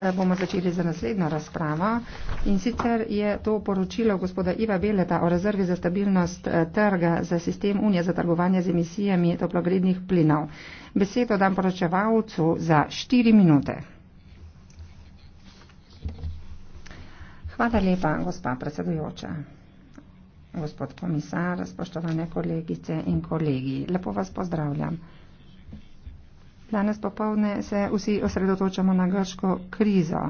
Eh, bomo začeli za naslednjo razpravo. In sicer je to poročilo gospoda Iva Beleta o rezervi za stabilnost eh, trga za sistem Unije za trgovanje z emisijami toplogrednih plinov. Besedo dam poročevalcu za štiri minute. Hvala lepa, gospa predsedujoča. Gospod komisar, spoštovane kolegice in kolegi, lepo vas pozdravljam. Danes popovdne se vsi osredotočamo na grško krizo.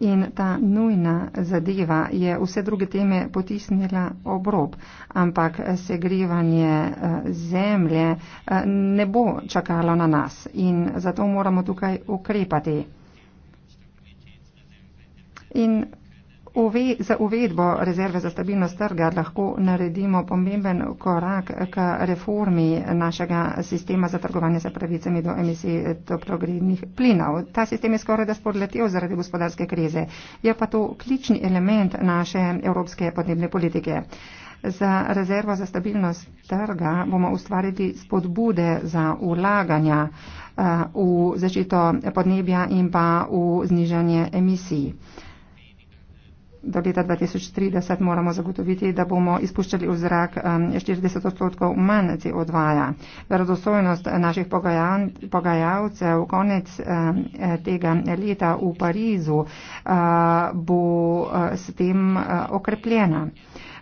In ta nujna zadeva je vse druge teme potisnila obrob, ampak segrevanje eh, zemlje eh, ne bo čakalo na nas in zato moramo tukaj ukrepati. In Uve, za uvedbo rezerve za stabilnost trga lahko naredimo pomemben korak k reformi našega sistema za trgovanje sa pravicami do emisij toplogrednih plinov. Ta sistem je skoraj da spodletel zaradi gospodarske krize. Je pa to ključni element naše evropske podnebne politike. Za rezervo za stabilnost trga bomo ustvarili spodbude za ulaganja eh, v zaščito podnebja in pa v znižanje emisij do leta 2030 moramo zagotoviti, da bomo izpuščali v zrak 40 odstotkov manj CO2. -ja. Verodostojnost naših pogajalcev konec tega leta v Parizu bo s tem okrepljena.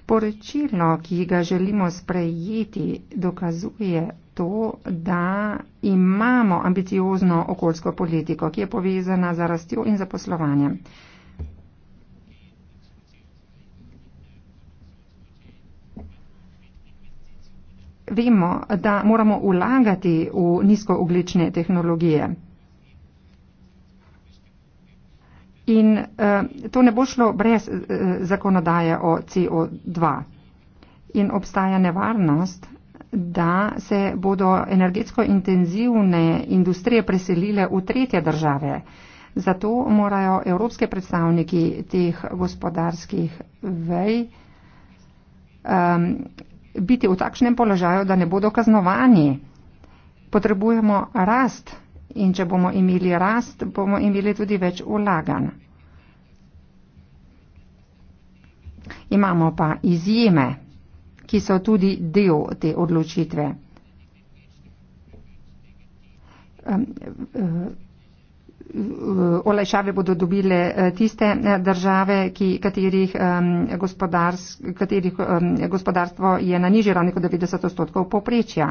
Poročilo, ki ga želimo sprejeti, dokazuje to, da imamo ambiciozno okoljsko politiko, ki je povezana z rastjo in zaposlovanjem. vemo, da moramo ulagati v nizkooglične tehnologije. In uh, to ne bo šlo brez uh, zakonodaje o CO2. In obstaja nevarnost, da se bodo energetsko intenzivne industrije preselile v tretje države. Zato morajo evropske predstavniki teh gospodarskih vej um, biti v takšnem položaju, da ne bodo kaznovani. Potrebujemo rast in če bomo imeli rast, bomo imeli tudi več ulagan. Imamo pa izjeme, ki so tudi del te odločitve. Um, uh, olajšave bodo dobile eh, tiste eh, države, ki, katerih, gospodars, katerih gospodarstvo je na nižji ravni kot 90 odstotkov poprečja.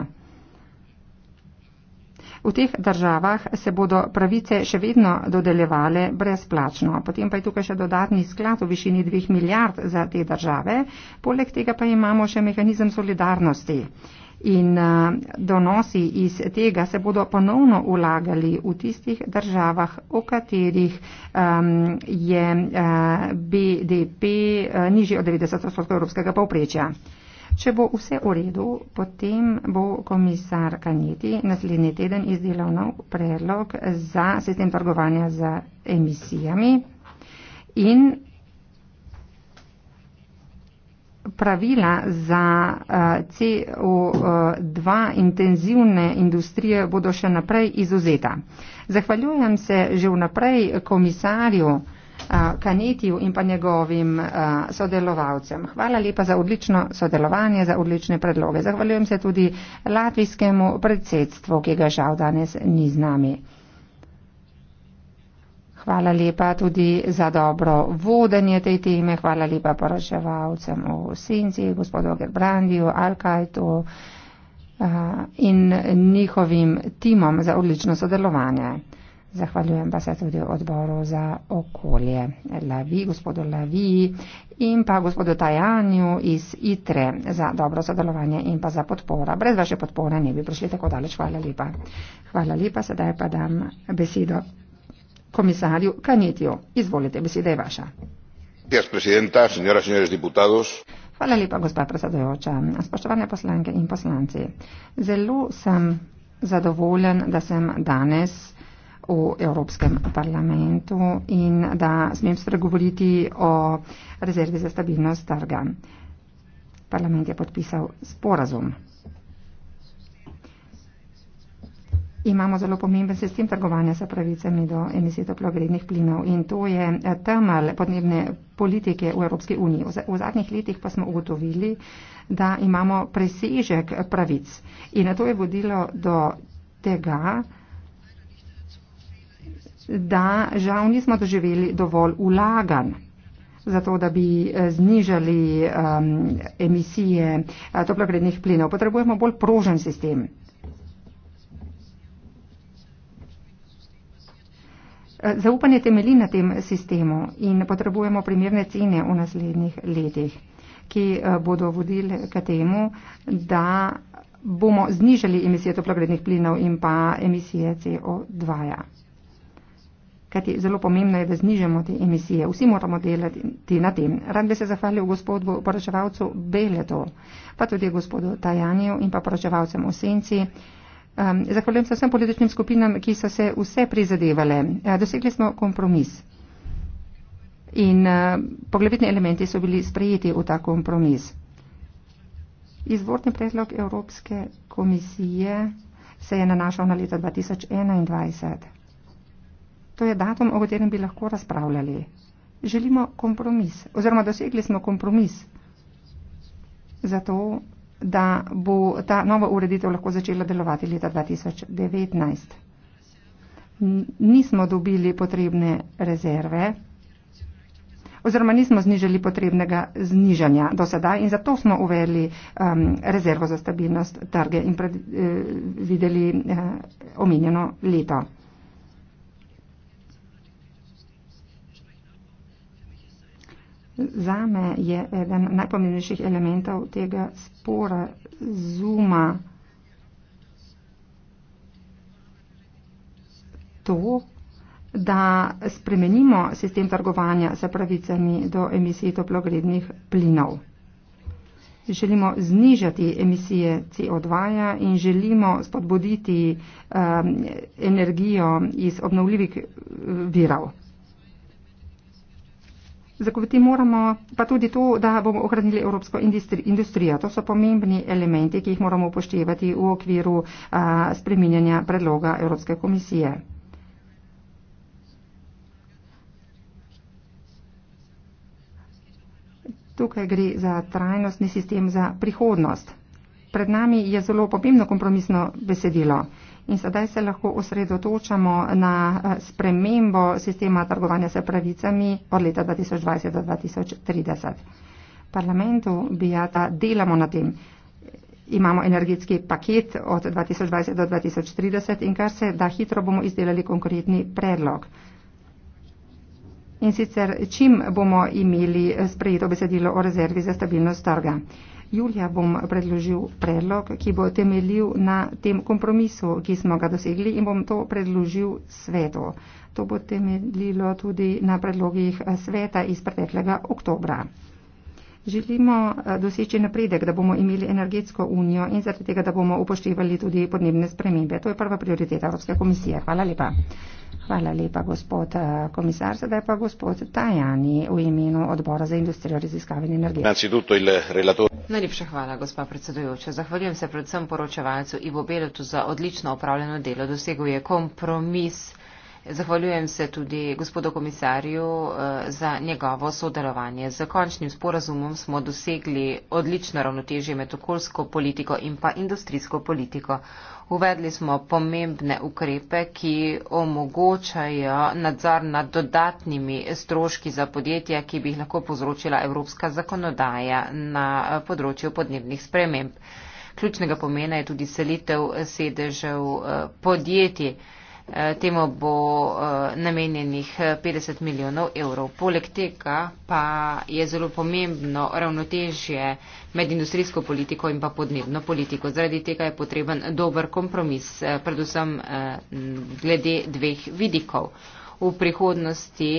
V teh državah se bodo pravice še vedno dodeljevale brezplačno. Potem pa je tukaj še dodatni sklad v višini 2 milijard za te države. Poleg tega pa imamo še mehanizem solidarnosti. Uh, in eh, donosi iz tega se bodo ponovno ulagali v tistih državah, v katerih je eh, BDP eh, nižji od 90% evropskega povprečja. Če bo vse v redu, potem bo komisar Kanjeti naslednji teden izdelal nov predlog za sistem trgovanja z emisijami in pravila za eh, CO2 eh, intenzivne industrije bodo še naprej izuzeta. Zahvaljujem se že vnaprej komisarju eh, Kanetiju in pa njegovim sodelovalcem. Hvala lepa za odlično sodelovanje, za odlične predloge. Zahvaljujem se tudi latvijskemu predsedstvu, ki ga žal danes ni z nami. Hvala lepa tudi za dobro vodenje tej teme, hvala lepa poročevalcem v Sinci, gospodu Gerbrandiju, Alkajtu eh, in njihovim timom za odlično sodelovanje. Zahvaljujem pa se tudi odboru za okolje Lavi, gospodu Lavi in pa gospodu Tajanju iz ITRE za dobro sodelovanje in pa za podporo. Brez vaše podpore ne bi prišli tako daleč. Hvala lepa. Hvala lepa, sedaj pa dam besedo comisario Canitio. Izvolite, beseda je vaša. Gospa predsednica, senjora, senjores diputados. Hvala lepa, gospa predsedujoča. Spoštovane poslanke in poslanci, zelo sem zadovoljen, da sem danes v Evropskem parlamentu in da smem spregovoriti o rezervi za stabilnost trga. Parlament je podpisal sporazum. imamo zelo pomemben sistem trgovanja sa pravicami do emisij toplogrednih plinov in to je eh, temelj podnebne politike v Evropski uniji. V zadnjih letih pa smo ugotovili, da imamo presežek pravic in to je vodilo do tega, da žal nismo doživeli dovolj ulagan zato, da bi eh, znižali um, emisije eh, toplogrednih plinov. Potrebujemo bolj prožen sistem. Zaupanje temelji na tem sistemu in potrebujemo primerne cene v naslednjih letih, ki eh, bodo vodile k temu, da bomo znižali emisije toplogrednih plinov in pa emisije CO2. -ja. Kajti zelo pomembno je, da znižamo te emisije. Vsi moramo delati na tem. Rad bi se zahvalil gospodu poročevalcu Beleto, pa tudi gospodu Tajanju in pa poročevalcem v Senci. Um, zahvaljujem se vsem političnim skupinam, ki so se vse prizadevale. Uh, dosegli smo kompromis. In uh, poglavitni elementi so bili sprejeti v ta kompromis. Izvorni predlog Evropske komisije se je nanašal na leto 2021. To je datum, o katerem bi lahko razpravljali. Želimo kompromis, oziroma dosegli smo kompromis. Zato da bo ta nova ureditev lahko začela delovati leta 2019. Nismo dobili potrebne rezerve oziroma nismo znižali potrebnega znižanja do sedaj in zato smo uvedli um, rezervo za stabilnost trge in pred, eh, videli eh, omenjeno leto. Zame je eden najpomembnejših elementov tega spora zuma to, da spremenimo sistem trgovanja s pravicami do emisij toplogrednih plinov. Želimo znižati emisije CO2 -ja in želimo spodbuditi um, energijo iz obnovljivih uh, virov. Zagotoviti moramo pa tudi to, da bomo ohranili evropsko industrijo. To so pomembni elementi, ki jih moramo upoštevati v okviru spreminjanja predloga Evropske komisije. Tukaj gre za trajnostni sistem za prihodnost. Pred nami je zelo pomembno kompromisno besedilo. In sedaj se lahko osredotočamo na eh, spremembo sistema trgovanja s pravicami od leta 2020 do 2030. V parlamentu bi ja ta delamo na tem. Imamo energetski paket od 2020 do 2030 in kar se da hitro bomo izdelali konkretni predlog. In sicer, čim bomo imeli sprejeto besedilo o rezervi za stabilnost trga julija bom predložil predlog, ki bo temeljil na tem kompromisu, ki smo ga dosegli in bom to predložil svetu. To bo temeljilo tudi na predlogih sveta iz preteklega oktobra. Želimo eh, doseči napredek, da bomo imeli energetsko unijo in zaradi tega, da bomo upoštevali tudi podnebne spremembe. To je prva prioriteta Evropske komisije. Hvala lepa. Hvala lepa, gospod eh, komisar. Sedaj pa gospod Tajani v imenu odbora za industrijo, raziskave in energijo. Najlepša hvala, gospa predsedujoča. Zahvaljujem se predvsem poročevalcu Ivo Belotu za odlično opravljeno delo. Dosegel je kompromis. Zahvaljujem se tudi gospodu komisarju eh, za njegovo sodelovanje. Z končnim sporazumom smo dosegli odlično ravnotežje med okoljsko politiko in pa industrijsko politiko. Uvedli smo pomembne ukrepe, ki omogočajo nadzor nad dodatnimi stroški za podjetja, ki bi jih lahko povzročila evropska zakonodaja na eh, področju podnebnih sprememb. Ključnega pomena je tudi selitev sedežev eh, podjetij. Eh, temu bo eh, namenjenih 50 eh, milijonov evrov. Poleg tega pa je zelo pomembno ravnotežje med industrijsko politiko in pa podnebno politiko. Zaradi tega je potreben dober kompromis, predvsem glede dveh vidikov. V prihodnosti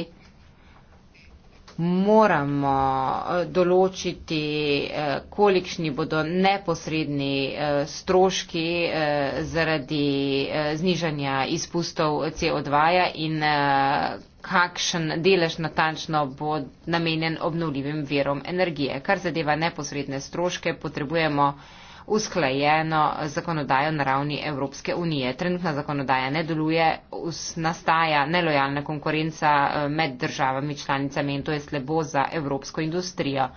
moramo eh, določiti, eh, kolikšni bodo neposredni eh, stroški zaradi znižanja izpustov CO2 -ja in kakšen delež natančno bo namenjen obnovljivim verom energije. Kar zadeva neposredne stroške, potrebujemo usklajeno zakonodajo na ravni Evropske unije. Trenutna zakonodaja ne deluje, nastaja nelojalna konkurenca eh, med državami članicami in to je slabo za evropsko industrijo.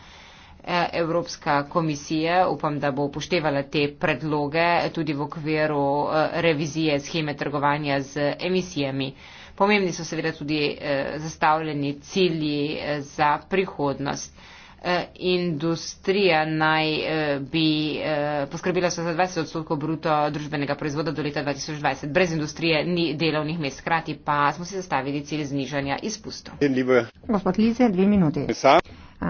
Eh, Evropska komisija, upam, da bo upoštevala te predloge tudi v okviru eh, revizije scheme trgovanja z emisijami. Pomembni so seveda tudi zastavljeni cilji za prihodnost. E, industrija naj e, bi e, poskrbila za 20 odstotkov bruto družbenega proizvoda do leta 2020. Brez industrije ni delovnih mest, hkrati pa smo si zastavili cilj znižanja izpustov. Gospod Lize, dve minuti.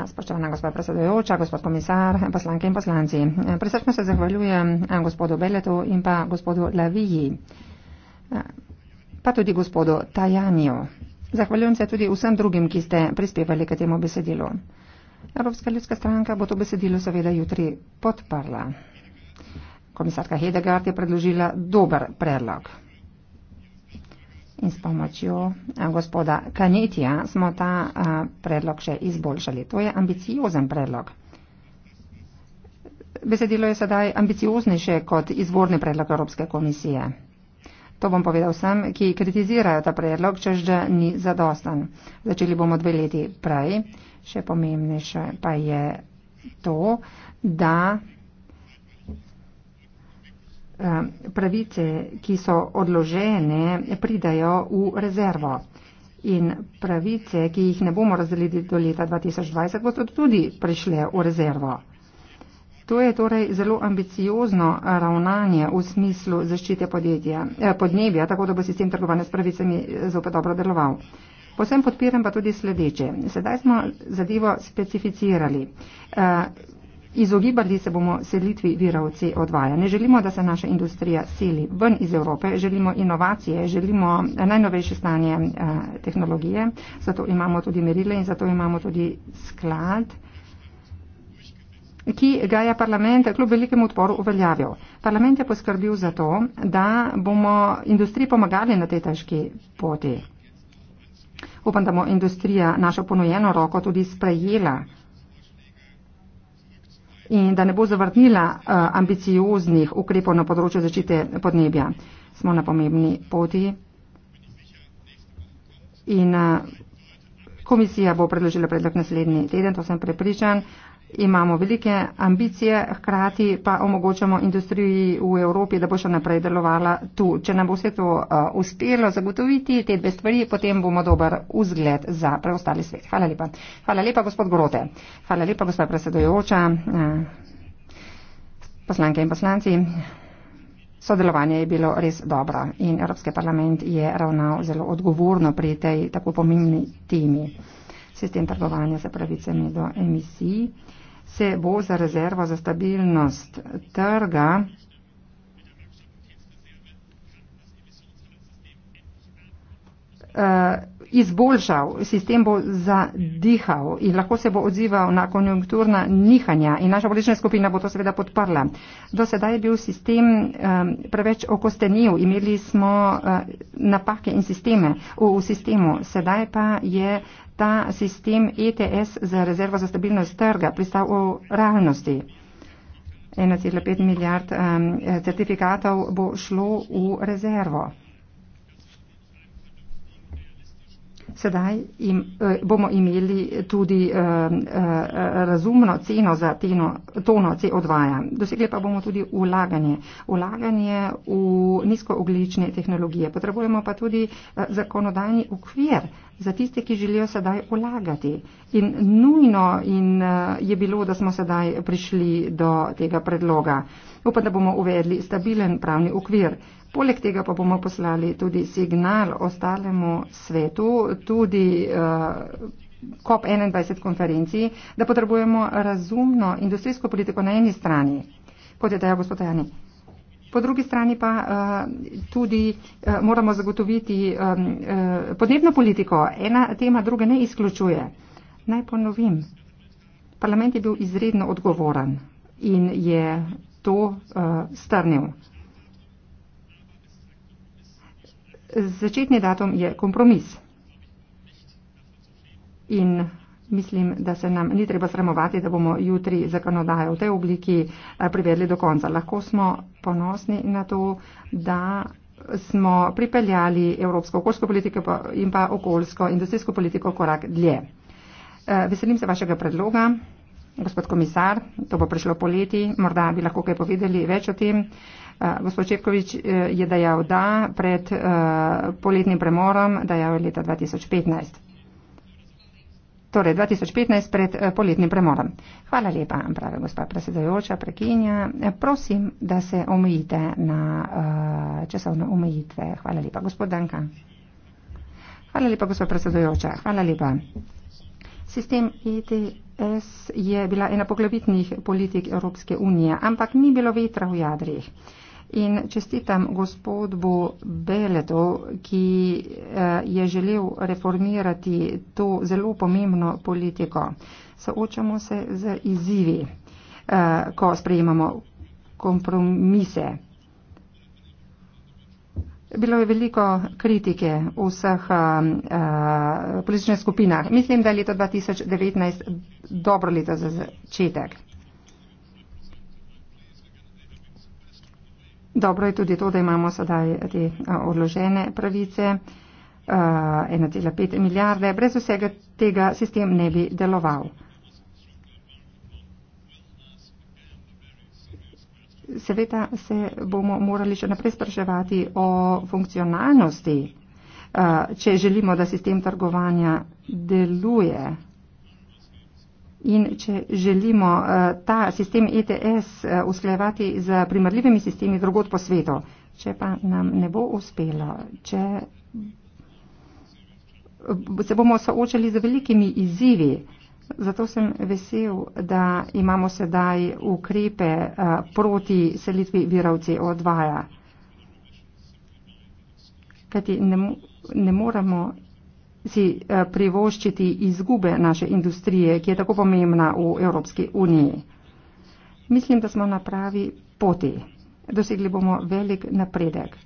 Spoštovana gospod predsedujoča, gospod komisar, poslanke in poslanci. Presrčno se zahvaljujem gospodu Beletu in pa gospodu Laviji, pa tudi gospodu Tajaniju. Zahvaljujem se tudi vsem drugim, ki ste prispevali k temu besedilu. Evropska ljudska stranka bo to besedilo seveda jutri podprla. Komisarka Hedegard je predložila dober predlog. In s pomočjo gospoda Kanetija smo ta predlog še izboljšali. To je ambiciozen predlog. Besedilo je sedaj ambicioznejše kot izvorni predlog Evropske komisije. To bom povedal vsem, ki kritizirajo ta predlog, čež da ni zadosten. Začeli bomo dve leti prej. Še pomembnejše pa je to, da eh, pravice, ki so odložene, pridajo v rezervo. In pravice, ki jih ne bomo razdelili do leta 2020, bodo tudi prišle v rezervo. To je torej zelo ambiciozno ravnanje v smislu zaščite podjetja, eh, podnebja, tako da bo sistem trgovanja s pravicami zopet dobro deloval. Posem podpiram pa tudi sledeče. Sedaj smo zadevo specificirali. Eh, izogibali se bomo selitvi virov CO2. Ja, ne želimo, da se naša industrija sili ven iz Evrope, želimo inovacije, želimo najnovejše stanje eh, tehnologije, zato imamo tudi merile in zato imamo tudi sklad ki ga je parlament kljub velikemu odporu uveljavil. Parlament je poskrbil za to, da bomo industriji pomagali na tej težki poti. Upam, da bo industrija našo ponujeno roko tudi sprejela in da ne bo zavrnila eh, ambicioznih ukrepov na področju zaščite podnebja. Smo na pomembni poti in eh, komisija bo predložila predlog naslednji teden, to sem prepričan imamo velike ambicije, hkrati pa omogočamo industriji v Evropi, da bo še naprej delovala tu. Če nam bo vse to uh, uspelo zagotoviti, te dve stvari, potem bomo dober vzgled za preostali svet. Hvala lepa. Hvala lepa, gospod Grote. Hvala lepa, gospod predsedojoča, uh, eh, poslanke in poslanci. Sodelovanje je bilo res dobro in Evropski parlament je ravnal zelo odgovorno pri tej tako pomembni temi sistem trgovanja za pravicami do emisij se bo za rezervo za stabilnost trga uh, izboljšal, sistem bo zadihal in lahko se bo odzival na konjunkturna nihanja in naša politična skupina bo to seveda podprla. Do sedaj je bil sistem um, preveč okostenil, imeli smo uh, napake in sisteme v, v sistemu, sedaj pa je ta sistem ETS za rezervo za stabilnost trga pristal v realnosti. 1,5 milijard um, certifikatov bo šlo v rezervo. sedaj im, eh, bomo imeli tudi eh, eh, razumno ceno za teno, tono CO2. -ja. Dosegli pa bomo tudi ulaganje. Ulaganje v nizkooglične tehnologije. Potrebujemo pa tudi zakonodajni ukvir za tiste, ki želijo sedaj ulagati. In nujno in je bilo, da smo sedaj prišli do tega predloga. Upam, da bomo uvedli stabilen pravni ukvir. Poleg tega pa bomo poslali tudi signal ostalemu svetu, tudi uh, eh, COP21 konferenciji, da potrebujemo razumno industrijsko politiko na eni strani, kot je dejal gospod Jani. Po drugi strani pa uh, tudi uh, moramo zagotoviti um, uh, podnebno politiko. Ena tema druge ne izključuje. Naj ponovim. Parlament je bil izredno odgovoren in je to uh, strnil. Začetni datum je kompromis. In mislim, da se nam ni treba sramovati, da bomo jutri zakonodajo v tej obliki eh, privedli do konca. Lahko smo ponosni na to, da smo pripeljali evropsko okoljsko politiko in pa okoljsko industrijsko politiko korak dlje. Eh, veselim se vašega predloga, gospod komisar, to bo prišlo poleti, morda bi lahko kaj povedali več o tem. Eh, gospod Čepkovič eh, je dejal da pred eh, poletnim premorom, dejal je leta 2015. Torej, 2015 pred poletnim premorom. Hvala lepa, pravi gospa predsedajoča, prekinja. Prosim, da se omejite na časovne omejitve. Hvala lepa, gospod Danka. Hvala lepa, gospod predsedajoča. Hvala lepa. Sistem ETS je bila ena poglavitnih politik Evropske unije, ampak ni bilo vetra v jadrih. In čestitam gospodu Beledu, ki eh, je želel reformirati to zelo pomembno politiko. Soočamo se z izzivi, eh, ko sprejemamo kompromise. Bilo je veliko kritike v vseh uh, političnih skupinah. Mislim, da je leto 2019 dobro leto za začetek. Dobro je tudi to, da imamo sedaj te odložene pravice, 1,5 milijarde. Brez vsega tega sistem ne bi deloval. Seveda se bomo morali še naprej spraševati o funkcionalnosti, če želimo, da sistem trgovanja deluje. In če želimo eh, ta sistem ETS eh, usklejevati z primarljivimi sistemi drugod po svetu, če pa nam ne bo uspelo, če se bomo soočali z velikimi izzivi, zato sem vesel, da imamo sedaj ukrepe eh, proti selitvi virov CO2. Kajti ne, ne moramo si eh, privoščiti izgube naše industrije, ki je tako pomembna v Evropski uniji. Mislim, da smo na pravi poti. Dosegli bomo velik napredek,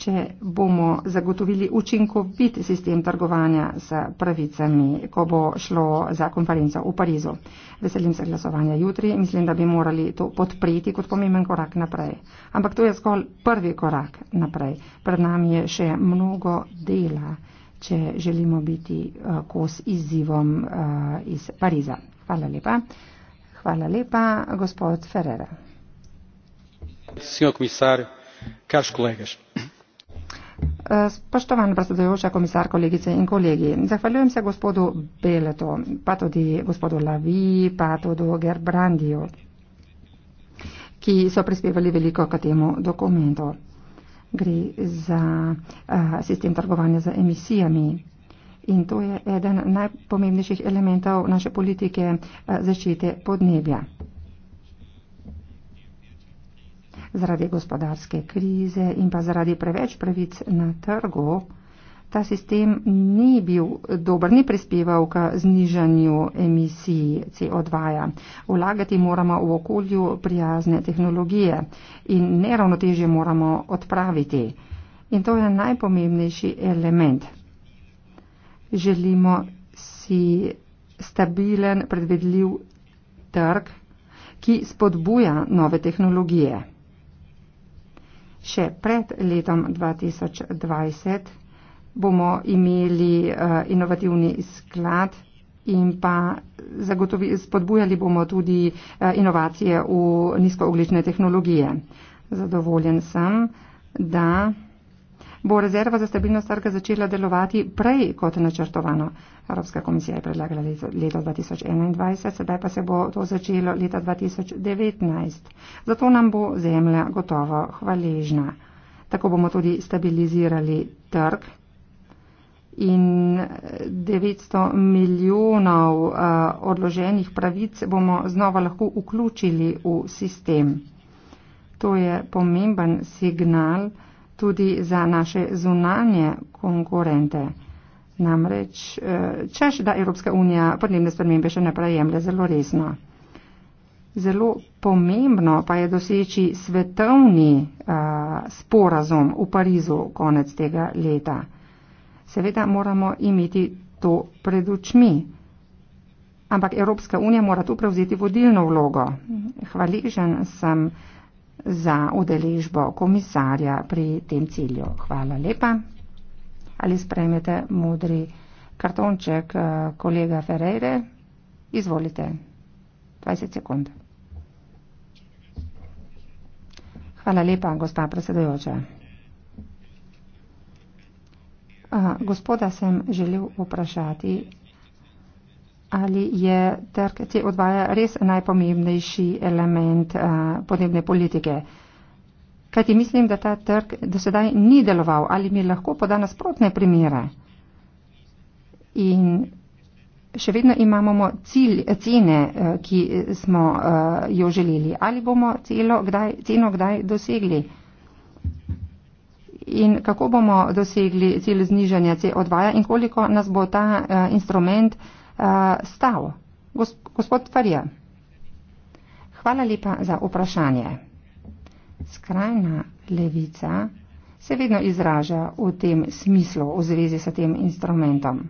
če bomo zagotovili učinkovit sistem trgovanja s pravicami, ko bo šlo za konferenco v Parizu. Veselim se glasovanja jutri. Mislim, da bi morali to podpreti kot pomemben korak naprej. Ampak to je zgolj prvi korak naprej. Pred nami je še mnogo dela če želimo biti eh, kos izzivom eh, iz Pariza. Hvala lepa. Hvala lepa, gospod Ferrer. Sino komisar, kaš kolegaš. Eh, spoštovana predsedujoča komisar, kolegice in kolegi, zahvaljujem se gospodu Beleto, pa tudi gospodu Lavi, pa tudi Gerbrandiju, ki so prispevali veliko k temu dokumentu gre za eh, sistem trgovanja z emisijami. In to je eden najpomembnejših elementov naše politike eh, zaščite podnebja. Zaradi gospodarske krize in pa zaradi preveč pravic na trgu, ta sistem ni bil dober, ni prispeval k znižanju emisij CO2. -ja. Vlagati moramo v okolju prijazne tehnologije in neravnotežje moramo odpraviti. In to je najpomembnejši element. Želimo si stabilen, predvedljiv trg, ki spodbuja nove tehnologije. Še pred letom 2020 bomo imeli uh, inovativni sklad in pa zagotovi, spodbujali bomo tudi uh, inovacije v nizkooglične tehnologije. Zadovoljen sem, da bo rezerva za stabilnost trga začela delovati prej kot načrtovano. Evropska komisija je predlagala leto, leto 2021, sedaj pa se bo to začelo leta 2019. Zato nam bo zemlja gotovo hvaležna. Tako bomo tudi stabilizirali trg in 900 milijonov eh, odloženih pravic bomo znova lahko vključili v sistem. To je pomemben signal tudi za naše zunanje konkurente. Namreč, eh, češ, da Evropska unija podnebne spremembe še naprej jemlje zelo resno. Zelo pomembno pa je doseči svetovni uh, sporazum v Parizu konec tega leta seveda moramo imeti to pred očmi. Ampak Evropska unija mora tu prevzeti vodilno vlogo. Hvaležen sem za udeležbo komisarja pri tem cilju. Hvala lepa. Ali spremete modri kartonček eh, kolega Ferreire? Izvolite. 20 sekund. Hvala lepa, gospa predsedojoča. A, gospoda sem želel vprašati, ali je trg te odvaja res najpomembnejši element a, podnebne politike. Kajti mislim, da ta trg do sedaj ni deloval ali mi lahko poda nasprotne primere. In še vedno imamo cilj, cene, ki smo jo želeli. Ali bomo celo, kdaj, ceno kdaj dosegli? in kako bomo dosegli cilj znižanja CO2 in koliko nas bo ta uh, instrument uh, stal. Gos gospod Farija, hvala lepa za vprašanje. Skrajna levica se vedno izraža v tem smislu v zvezi s tem instrumentom.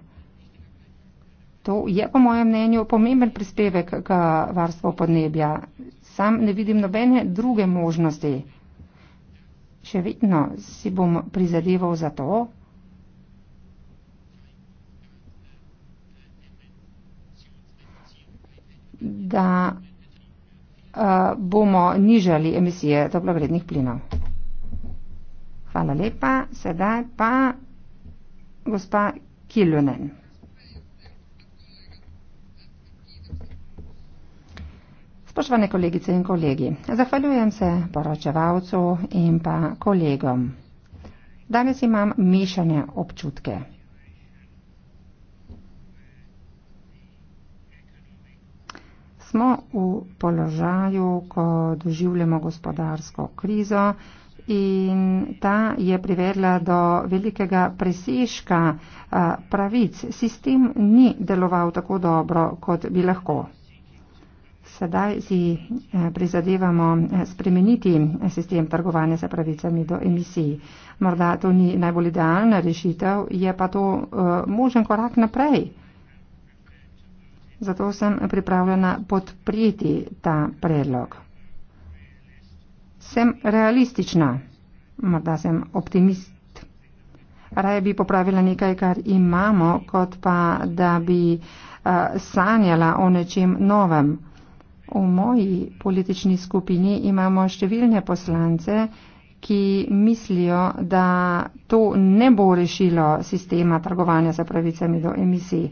To je, po mojem mnenju, pomemben prispevek k varstvu podnebja. Sam ne vidim nobene druge možnosti. Še vedno si bom prizadeval za to, da uh, bomo nižali emisije toplogrednih plinov. Hvala lepa. Sedaj pa gospa Kilunen. Spoštovane kolegice in kolegi, zahvaljujem se poročevalcu in pa kolegom. Danes imam mišljene občutke. Smo v položaju, ko doživljamo gospodarsko krizo in ta je privedla do velikega presežka pravic. Sistem ni deloval tako dobro, kot bi lahko sedaj si eh, prizadevamo eh, spremeniti eh, sistem trgovanja za pravicami do emisij. Morda to ni najbolj idealna rešitev, je pa to možen korak naprej. Zato sem pripravljena podpreti ta predlog. Sem realistična, morda sem optimist. Raje bi popravila nekaj, kar imamo, kot pa da bi uh, sanjala o nečem novem. V moji politični skupini imamo številne poslance, ki mislijo, da to ne bo rešilo sistema trgovanja za pravicami do emisij.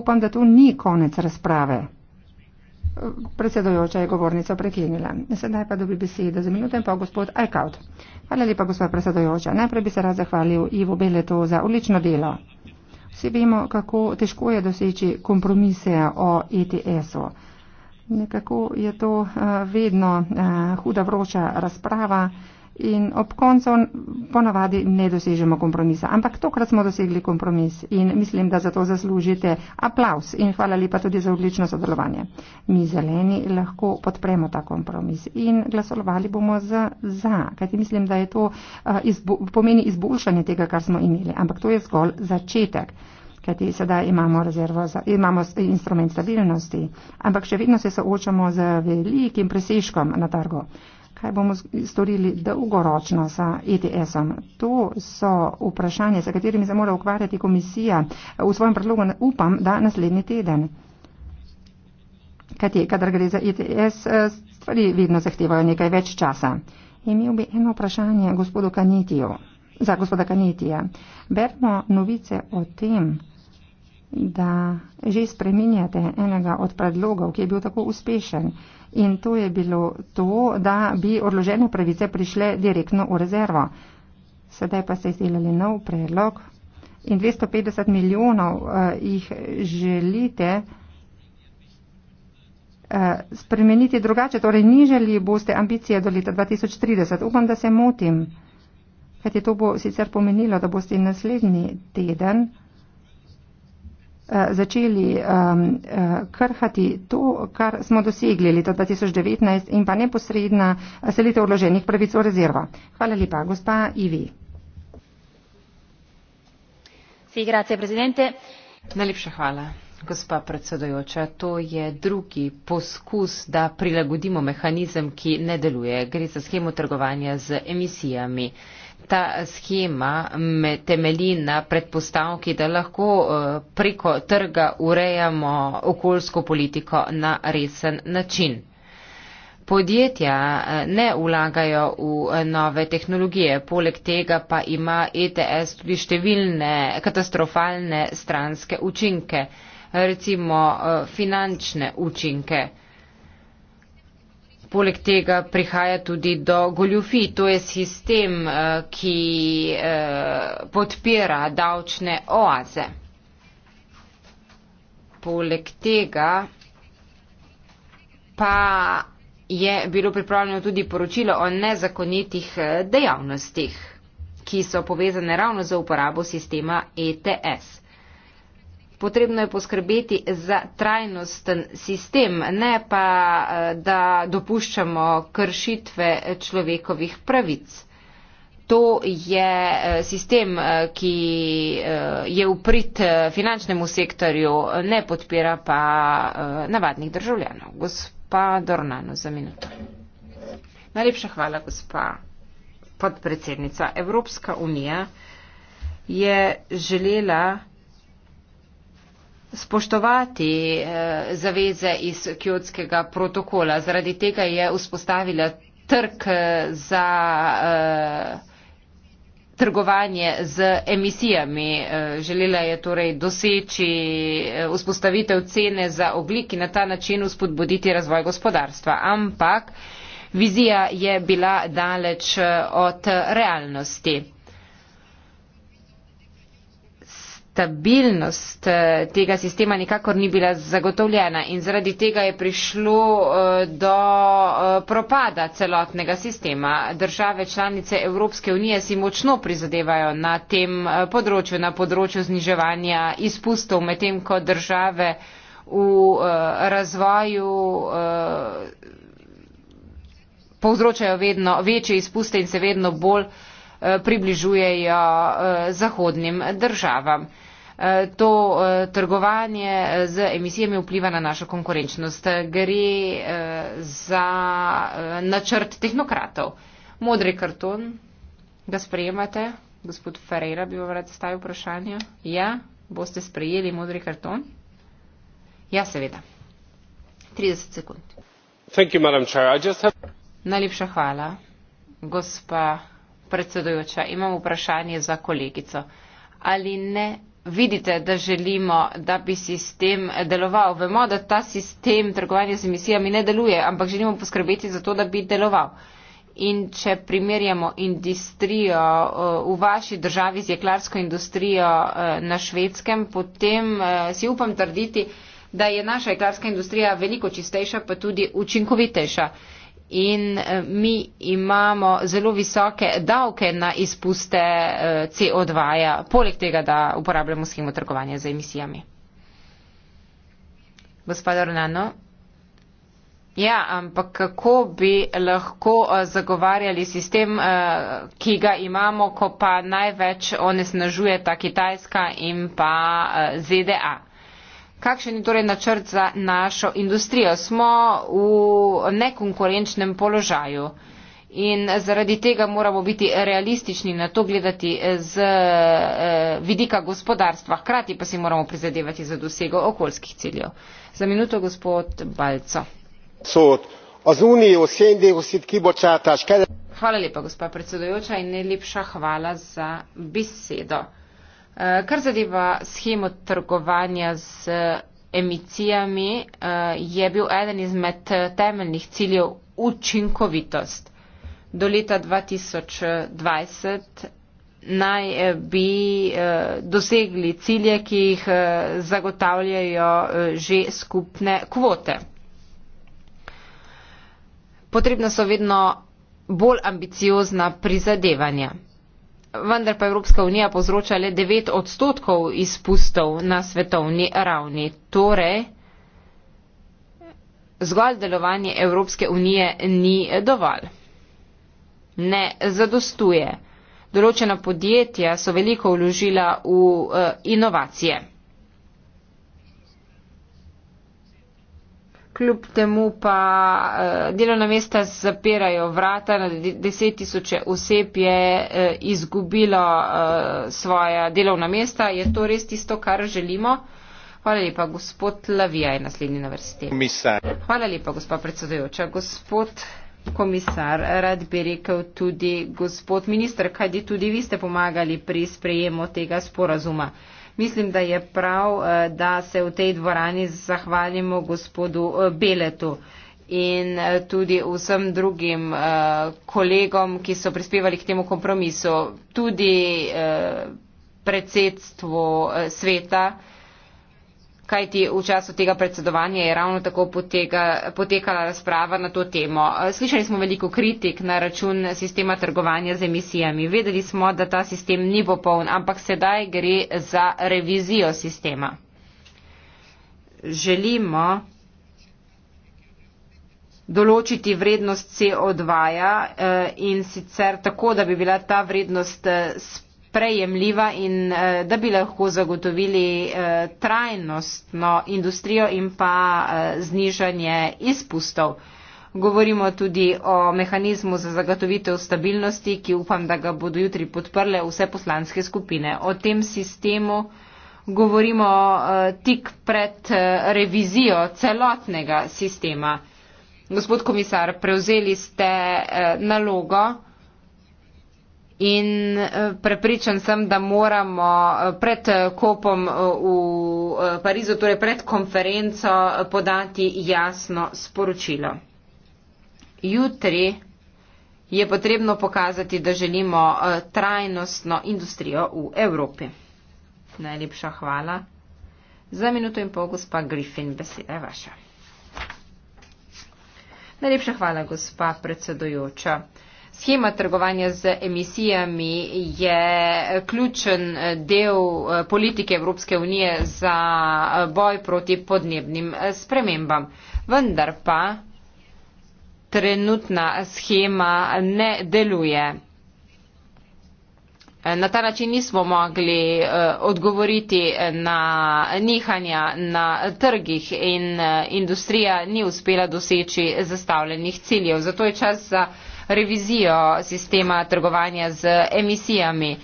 Upam, da to ni konec razprave. Predsedojoča je govornico prekinila. Sedaj pa dobi besedo za minuto in pa gospod Eichaut. Hvala lepa, gospod predsedojoča. Najprej bi se rad zahvalil Ivo Beletu za odlično delo. Vsi vemo, kako težko je doseči kompromise o ETS-u. Nekako je to eh, vedno eh, huda vroča razprava in ob koncu ponavadi ne dosežemo kompromisa. Ampak tokrat smo dosegli kompromis in mislim, da za to zaslužite aplaus in hvala lepa tudi za odlično sodelovanje. Mi zeleni lahko podpremo ta kompromis in glasovali bomo za, za kajti mislim, da je to eh, izbo, pomeni izboljšanje tega, kar smo imeli. Ampak to je zgolj začetek kajti sedaj imamo, rezervo, imamo instrument stabilnosti, ampak še vedno se soočamo z velikim presežkom na trgu. Kaj bomo storili dolgoročno sa ETS-om? To so vprašanja, s katerimi se mora ukvarjati komisija. V svojem predlogu upam, da naslednji teden. Kajti, kadar gre za ETS, eh, stvari vedno zahtevajo nekaj več časa. Imel bi eno vprašanje gospodu Kanitiju, za gospoda Kanitija. Bermo novice o tem, da že spreminjate enega od predlogov, ki je bil tako uspešen. In to je bilo to, da bi odložene pravice prišle direktno v rezervo. Sedaj pa ste izdelali nov predlog in 250 milijonov uh, jih želite uh, spremeniti drugače, torej nižali boste ambicije do leta 2030. Upam, da se motim, kajti to bo sicer pomenilo, da boste naslednji teden. Eh, začeli um, krhati to, kar smo dosegli leta 2019 in pa neposredna eh, selitev odloženih pravic v rezerva. Hvala lepa, gospa Ivi. Si, grazie, presidente. Najlepša hvala. Gospa predsedojoča, to je drugi poskus, da prilagodimo mehanizem, ki ne deluje. Gre za schemo trgovanja z emisijami ta schema temelji na predpostavki, da lahko eh, preko trga urejamo okoljsko politiko na resen način. Podjetja eh, ne vlagajo v eh, nove tehnologije, poleg tega pa ima ETS tudi številne katastrofalne stranske učinke, recimo finančne učinke. Poleg tega prihaja tudi do goljufi. To je sistem, eh, ki eh, podpira davčne oaze. Poleg tega pa je bilo pripravljeno tudi poročilo o nezakonitih eh, dejavnostih, ki so povezane ravno z uporabo sistema ETS potrebno je poskrbeti za trajnosten sistem, ne pa eh, da dopuščamo kršitve človekovih pravic. To je eh, sistem, eh, ki je uprit finančnemu sektorju, ne podpira pa navadnih državljanov. Gospa Dornano, za minuto. Najlepša hvala, gospa podpredsednica. Evropska unija je želela spoštovati eh, zaveze iz kjotskega protokola. Zaradi tega je vzpostavila trg eh, za eh, trgovanje z emisijami. Želela je torej doseči vzpostavitev cene za oglik in na ta način uspodbuditi razvoj gospodarstva. Ampak vizija je bila daleč od realnosti. stabilnost eh, tega sistema nikakor ni bila zagotovljena in zaradi tega je prišlo eh, do eh, propada celotnega sistema. Države članice Evropske unije si močno prizadevajo na tem področju, na področju zniževanja izpustov, medtem ko države v razvoju povzročajo vedno večje izpuste in se vedno bolj približujejo zahodnim državam to eh, trgovanje eh, z emisijami vpliva na našo konkurenčnost. Gre eh, za načrt tehnokratov. Modri karton, ga sprejemate? Gospod Ferreira bi vam rad zastavil vprašanje. Ja, boste sprejeli modri karton? Ja, seveda. 30 sekund. You, have... Najlepša hvala, gospa predsedujoča. Imam vprašanje za kolegico. Ali ne vidite, da želimo, da bi sistem deloval. Vemo, da ta sistem trgovanja z emisijami ne deluje, ampak želimo poskrbeti za to, da bi deloval. In če primerjamo industrijo eh, v vaši državi z jeklarsko industrijo eh, na švedskem, potem eh, si upam trditi, da je naša jeklarska industrija veliko čistejša, pa tudi učinkovitejša in eh, mi imamo zelo visoke davke na izpuste eh, CO2, -ja, poleg tega, da uporabljamo schemo trgovanja z emisijami. Gospod Ornano. Ja, ampak kako bi lahko eh, zagovarjali sistem, ki ga imamo, ko pa največ onesnažuje ta Kitajska in pa ZDA? Kakšen je torej načrt za našo industrijo? Smo v nekonkurenčnem položaju in zaradi tega moramo biti realistični na to gledati z eh, vidika gospodarstva, hkrati pa si moramo prizadevati za dosego okoljskih ciljev. Za minuto gospod Balco. Hvala lepa, gospa predsedujoča, in najlepša hvala za besedo. Eh, kar zadeva schemo trgovanja z eh, emicijami, eh, je bil eden izmed temeljnih ciljev učinkovitost. Do leta 2020 naj bi dosegli cilje, ki jih zagotavljajo že skupne kvote. Potrebna so vedno bolj ambiciozna prizadevanja vendar pa Evropska unija povzroča le 9 odstotkov izpustov na svetovni ravni. Torej, zgolj delovanje Evropske unije ni dovolj. Ne zadostuje. Določena podjetja so veliko vložila v eh, inovacije. kljub temu pa eh, delovna mesta zapirajo vrata, na deset tisoče oseb je eh, izgubilo eh, svoja delovna mesta. Je to res tisto, kar želimo? Hvala lepa, gospod Lavija je naslednji na vrsti. Komisar. Hvala lepa, gospa predsedujoča. Gospod komisar, rad bi rekel tudi gospod minister, kajdi tudi vi ste pomagali pri sprejemu tega sporazuma mislim, da je prav, eh, da se v tej dvorani zahvalimo gospodu eh, Beletu in eh, tudi vsem drugim kolegom, ki so prispevali k temu kompromisu, tudi predsedstvu sveta kajti v času tega predsedovanja je ravno tako potega, potekala razprava na to temo. Slišali smo veliko kritik na račun sistema trgovanja z emisijami. Vedeli smo, da ta sistem ni popoln, ampak sedaj gre za revizijo sistema. Želimo določiti vrednost CO2 eh, in sicer tako, da bi bila ta vrednost spremljena eh, prejemljiva in eh, da bi lahko zagotovili eh, trajnostno industrijo in pa eh, znižanje izpustov. Govorimo tudi o mehanizmu za zagotovitev stabilnosti, ki upam, da ga bodo jutri podprle vse poslanske skupine. O tem sistemu govorimo tik pred revizijo celotnega sistema. Gospod komisar, prevzeli ste nalogo, In eh, prepričan sem, da moramo eh, pred eh, kopom v Parizu, torej pred konferenco, podati jasno sporočilo. Jutri je potrebno pokazati, da želimo trajnostno industrijo v Evropi. Najlepša hvala. Za minuto in pol, gospa Griffin, beseda je vaša. Najlepša hvala, gospa predsedojoča. Schema trgovanja z emisijami je ključen del eh, politike Evropske unije za eh, boj proti podnebnim eh, spremembam. Vendar pa trenutna schema ne deluje. Na ta način nismo mogli odgovoriti na nihanja na trgih in industrija ni uspela doseči zastavljenih ciljev. Zato je čas za revizijo sistema trgovanja z emisijami.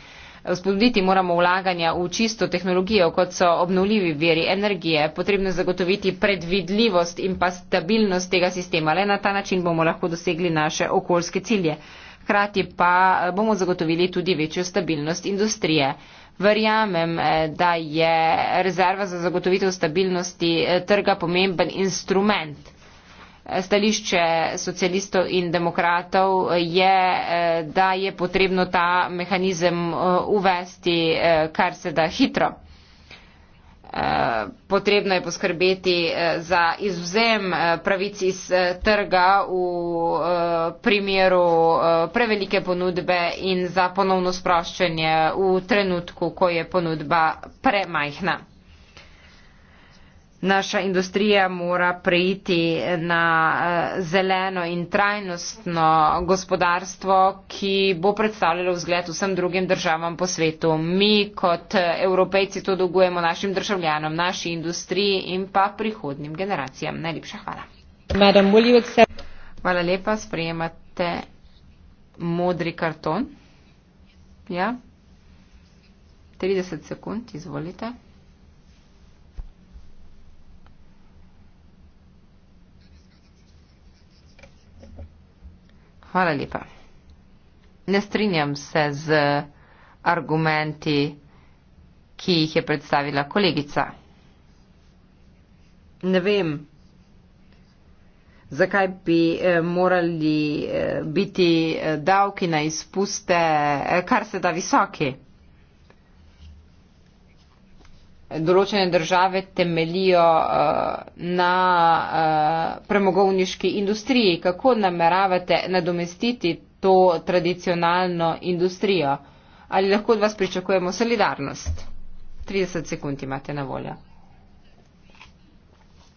Vzpodbuditi moramo vlaganja v čisto tehnologijo, kot so obnovljivi veri energije. Potrebno je zagotoviti predvidljivost in pa stabilnost tega sistema. Le na ta način bomo lahko dosegli naše okoljske cilje. Hrati pa eh, bomo zagotovili tudi večjo stabilnost industrije. Verjamem, eh, da je rezerva za zagotovitev stabilnosti eh, trga pomemben instrument stališče socialistov in demokratov je, eh, da je potrebno ta mehanizem eh, uvesti eh, kar se da hitro. Potrebno je poskrbeti za izvzem pravic iz trga v primeru prevelike ponudbe in za ponovno sproščanje v trenutku, ko je ponudba premajhna naša industrija mora preiti na eh, zeleno in trajnostno gospodarstvo, ki bo predstavljalo vzgled vsem drugim državam po svetu. Mi kot evropejci to dolgujemo našim državljanom, naši industriji in pa prihodnim generacijam. Najlepša hvala. Madam, hvala lepa, sprejemate modri karton. Ja. 30 sekund, izvolite. Hvala lepa. Ne strinjam se z argumenti, ki jih je predstavila kolegica. Ne vem, zakaj bi eh, morali eh, biti eh, davki na izpuste kar se da visoki določene države temelijo eh, na eh, premogovniški industriji. Kako nameravate nadomestiti to tradicionalno industrijo? Ali lahko od vas pričakujemo solidarnost? 30 sekund imate na voljo.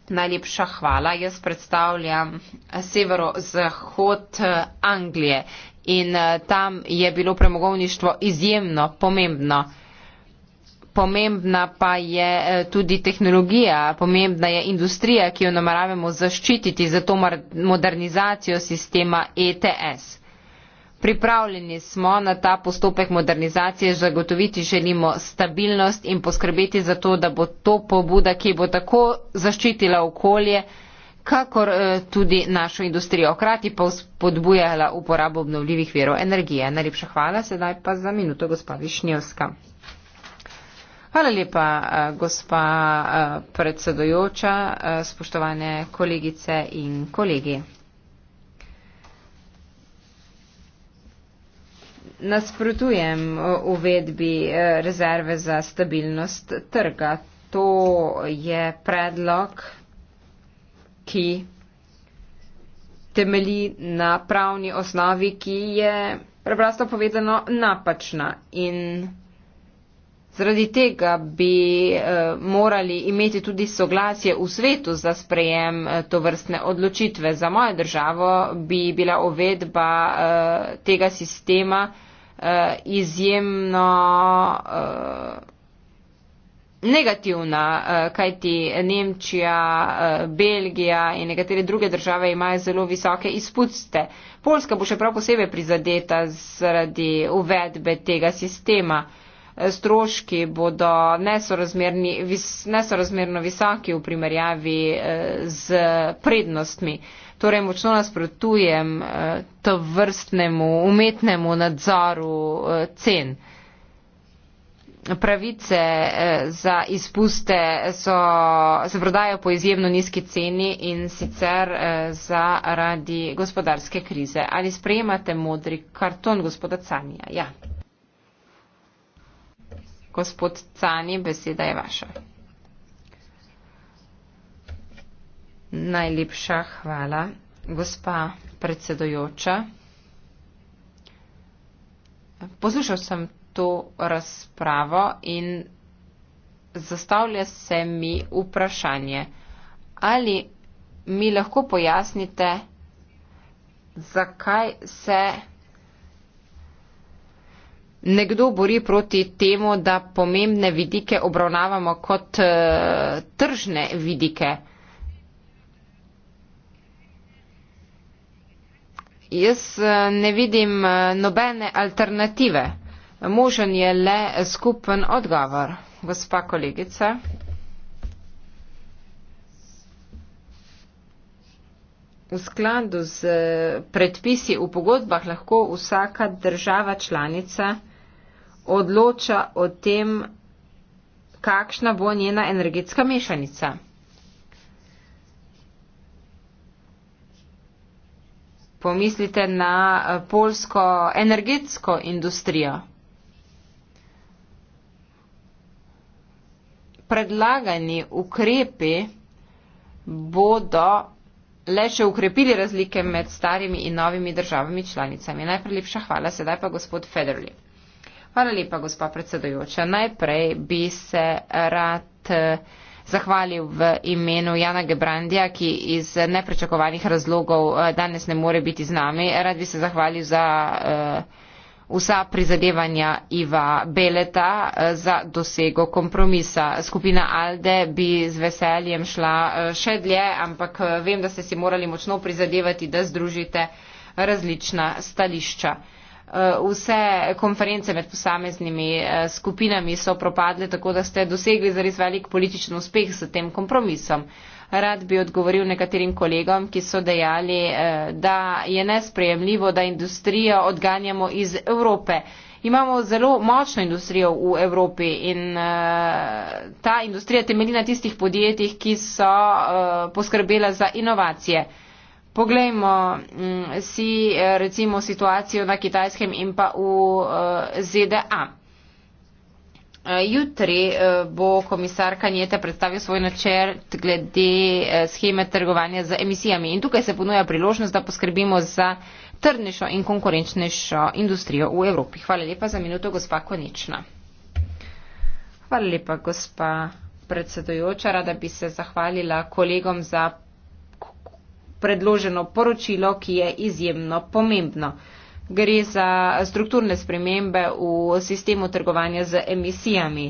Najlepša hvala. Jaz predstavljam eh, severozahod Anglije in tam je bilo premogovništvo izjemno pomembno pomembna pa je eh, tudi tehnologija, pomembna je industrija, ki jo nameravamo zaščititi, zato modernizacijo sistema ETS. Pripravljeni smo na ta postopek modernizacije, zagotoviti želimo stabilnost in poskrbeti za to, da bo to pobuda, ki bo tako zaščitila okolje, kakor eh, tudi našo industrijo, hkrati pa spodbujala uporabo obnovljivih verov energije. Najlepša hvala, sedaj pa za minuto gospa Višnjevska. Hvala lepa, eh, gospa eh, predsedojoča, eh, spoštovane kolegice in kolegi. Nasprotujem uvedbi rezerve za stabilnost trga. To je predlog, ki temelji na pravni osnovi, ki je preprosto povedano napačna in Zaradi tega bi eh, morali imeti tudi soglasje v svetu za sprejem eh, to vrstne odločitve. Za mojo državo bi bila uvedba eh, tega sistema izjemno negativna, kajti Nemčija, Belgija in nekatere druge države imajo zelo visoke izpuste. Poljska bo še prav posebej prizadeta zaradi uvedbe tega sistema stroški bodo vis, nesorazmerno visoki v primerjavi eh, z prednostmi. Torej, močno nasprotujem eh, to vrstnemu umetnemu nadzoru eh, cen. Pravice za izpuste so, se prodajo po izjemno nizki ceni in sicer zaradi gospodarske krize. Ali sprejemate modri karton gospoda Canija? Ja. Gospod Cani, beseda je vaša. Najlepša hvala, gospa predsedojoča. Poslušal sem to razpravo in zastavlja se mi vprašanje, ali mi lahko pojasnite, zakaj se nekdo bori proti temu, da pomembne vidike obravnavamo kot uh, tržne vidike. Jaz eh, ne vidim eh, nobene alternative. Možen je le skupen odgovor, gospa kolegica. V skladu z predpisi v pogodbah lahko vsaka država članica odloča o tem, kakšna bo njena energetska mešanica. Pomislite na eh, polsko energetsko industrijo. Predlagani ukrepi bodo le še ukrepili razlike med starimi in novimi državami članicami. Najprej lepša hvala, sedaj pa gospod Federli. Hvala lepa, gospa predsedujoča. Najprej bi se rad eh, zahvalil v imenu Jana Gebrandija, ki iz nepričakovanih razlogov eh, danes ne more biti z nami. Rad bi se zahvalil za eh, vsa prizadevanja Iva Beleta za dosego kompromisa. Skupina Alde bi z veseljem šla še dlje, ampak vem, da ste si morali močno prizadevati, da združite različna stališča. Eh, vse konference med posameznimi eh, skupinami so propadle, tako da ste dosegli zares velik političen uspeh s tem kompromisom. Rad bi odgovoril nekaterim kolegom, ki so dejali, eh, da je nesprejemljivo, da industrijo odganjamo iz Evrope. Imamo zelo močno industrijo v Evropi in ta industrija temelji na tistih podjetjih, ki so poskrbela za inovacije. Poglejmo mm, si eh, recimo situacijo na kitajskem in pa v eh, ZDA. Eh, jutri bo komisar Kanjeta predstavil svoj načrt glede scheme trgovanja z emisijami in tukaj se ponuja priložnost, da poskrbimo za trdnejšo in konkurenčnejšo industrijo v Evropi. Hvala lepa za minuto, gospa Konična. Hvala lepa, gospa predsedojoča. Rada bi se zahvalila kolegom za predloženo poročilo, ki je izjemno pomembno. Gre za strukturne spremembe v sistemu trgovanja z emisijami.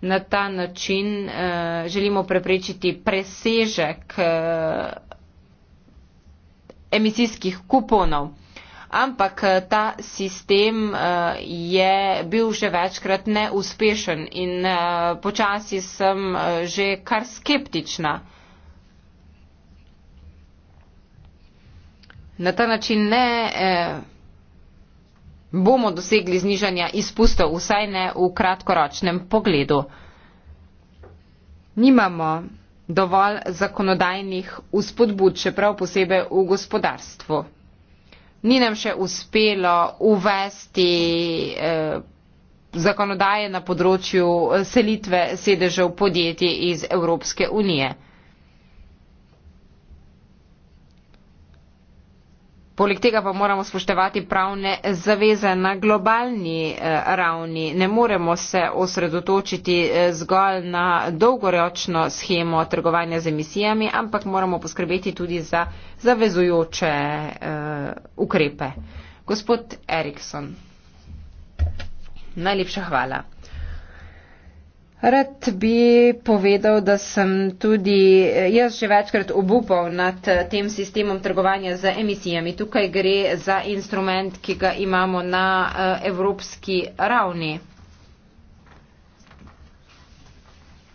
Na ta način eh, želimo preprečiti presežek eh, emisijskih kuponov. Ampak eh, ta sistem eh, je bil že večkrat neuspešen in eh, počasi sem že kar skeptična. na ta način ne eh, bomo dosegli znižanja izpustov, vsaj ne v kratkoročnem pogledu. Nimamo dovolj zakonodajnih uspodbud, čeprav posebej v gospodarstvu. Ni nam še uspelo uvesti eh, zakonodaje na področju eh, selitve sedežev podjetij iz Evropske unije. Poleg tega pa moramo spoštevati pravne zaveze na globalni eh, ravni. Ne moremo se osredotočiti eh, zgolj na dolgoročno schemo trgovanja z emisijami, ampak moramo poskrbeti tudi za zavezujoče uh, ukrepe. Gospod Erikson, najlepša hvala. Rad bi povedal, da sem tudi jaz že večkrat obupal nad tem sistemom trgovanja z emisijami. Tukaj gre za instrument, ki ga imamo na eh, evropski ravni.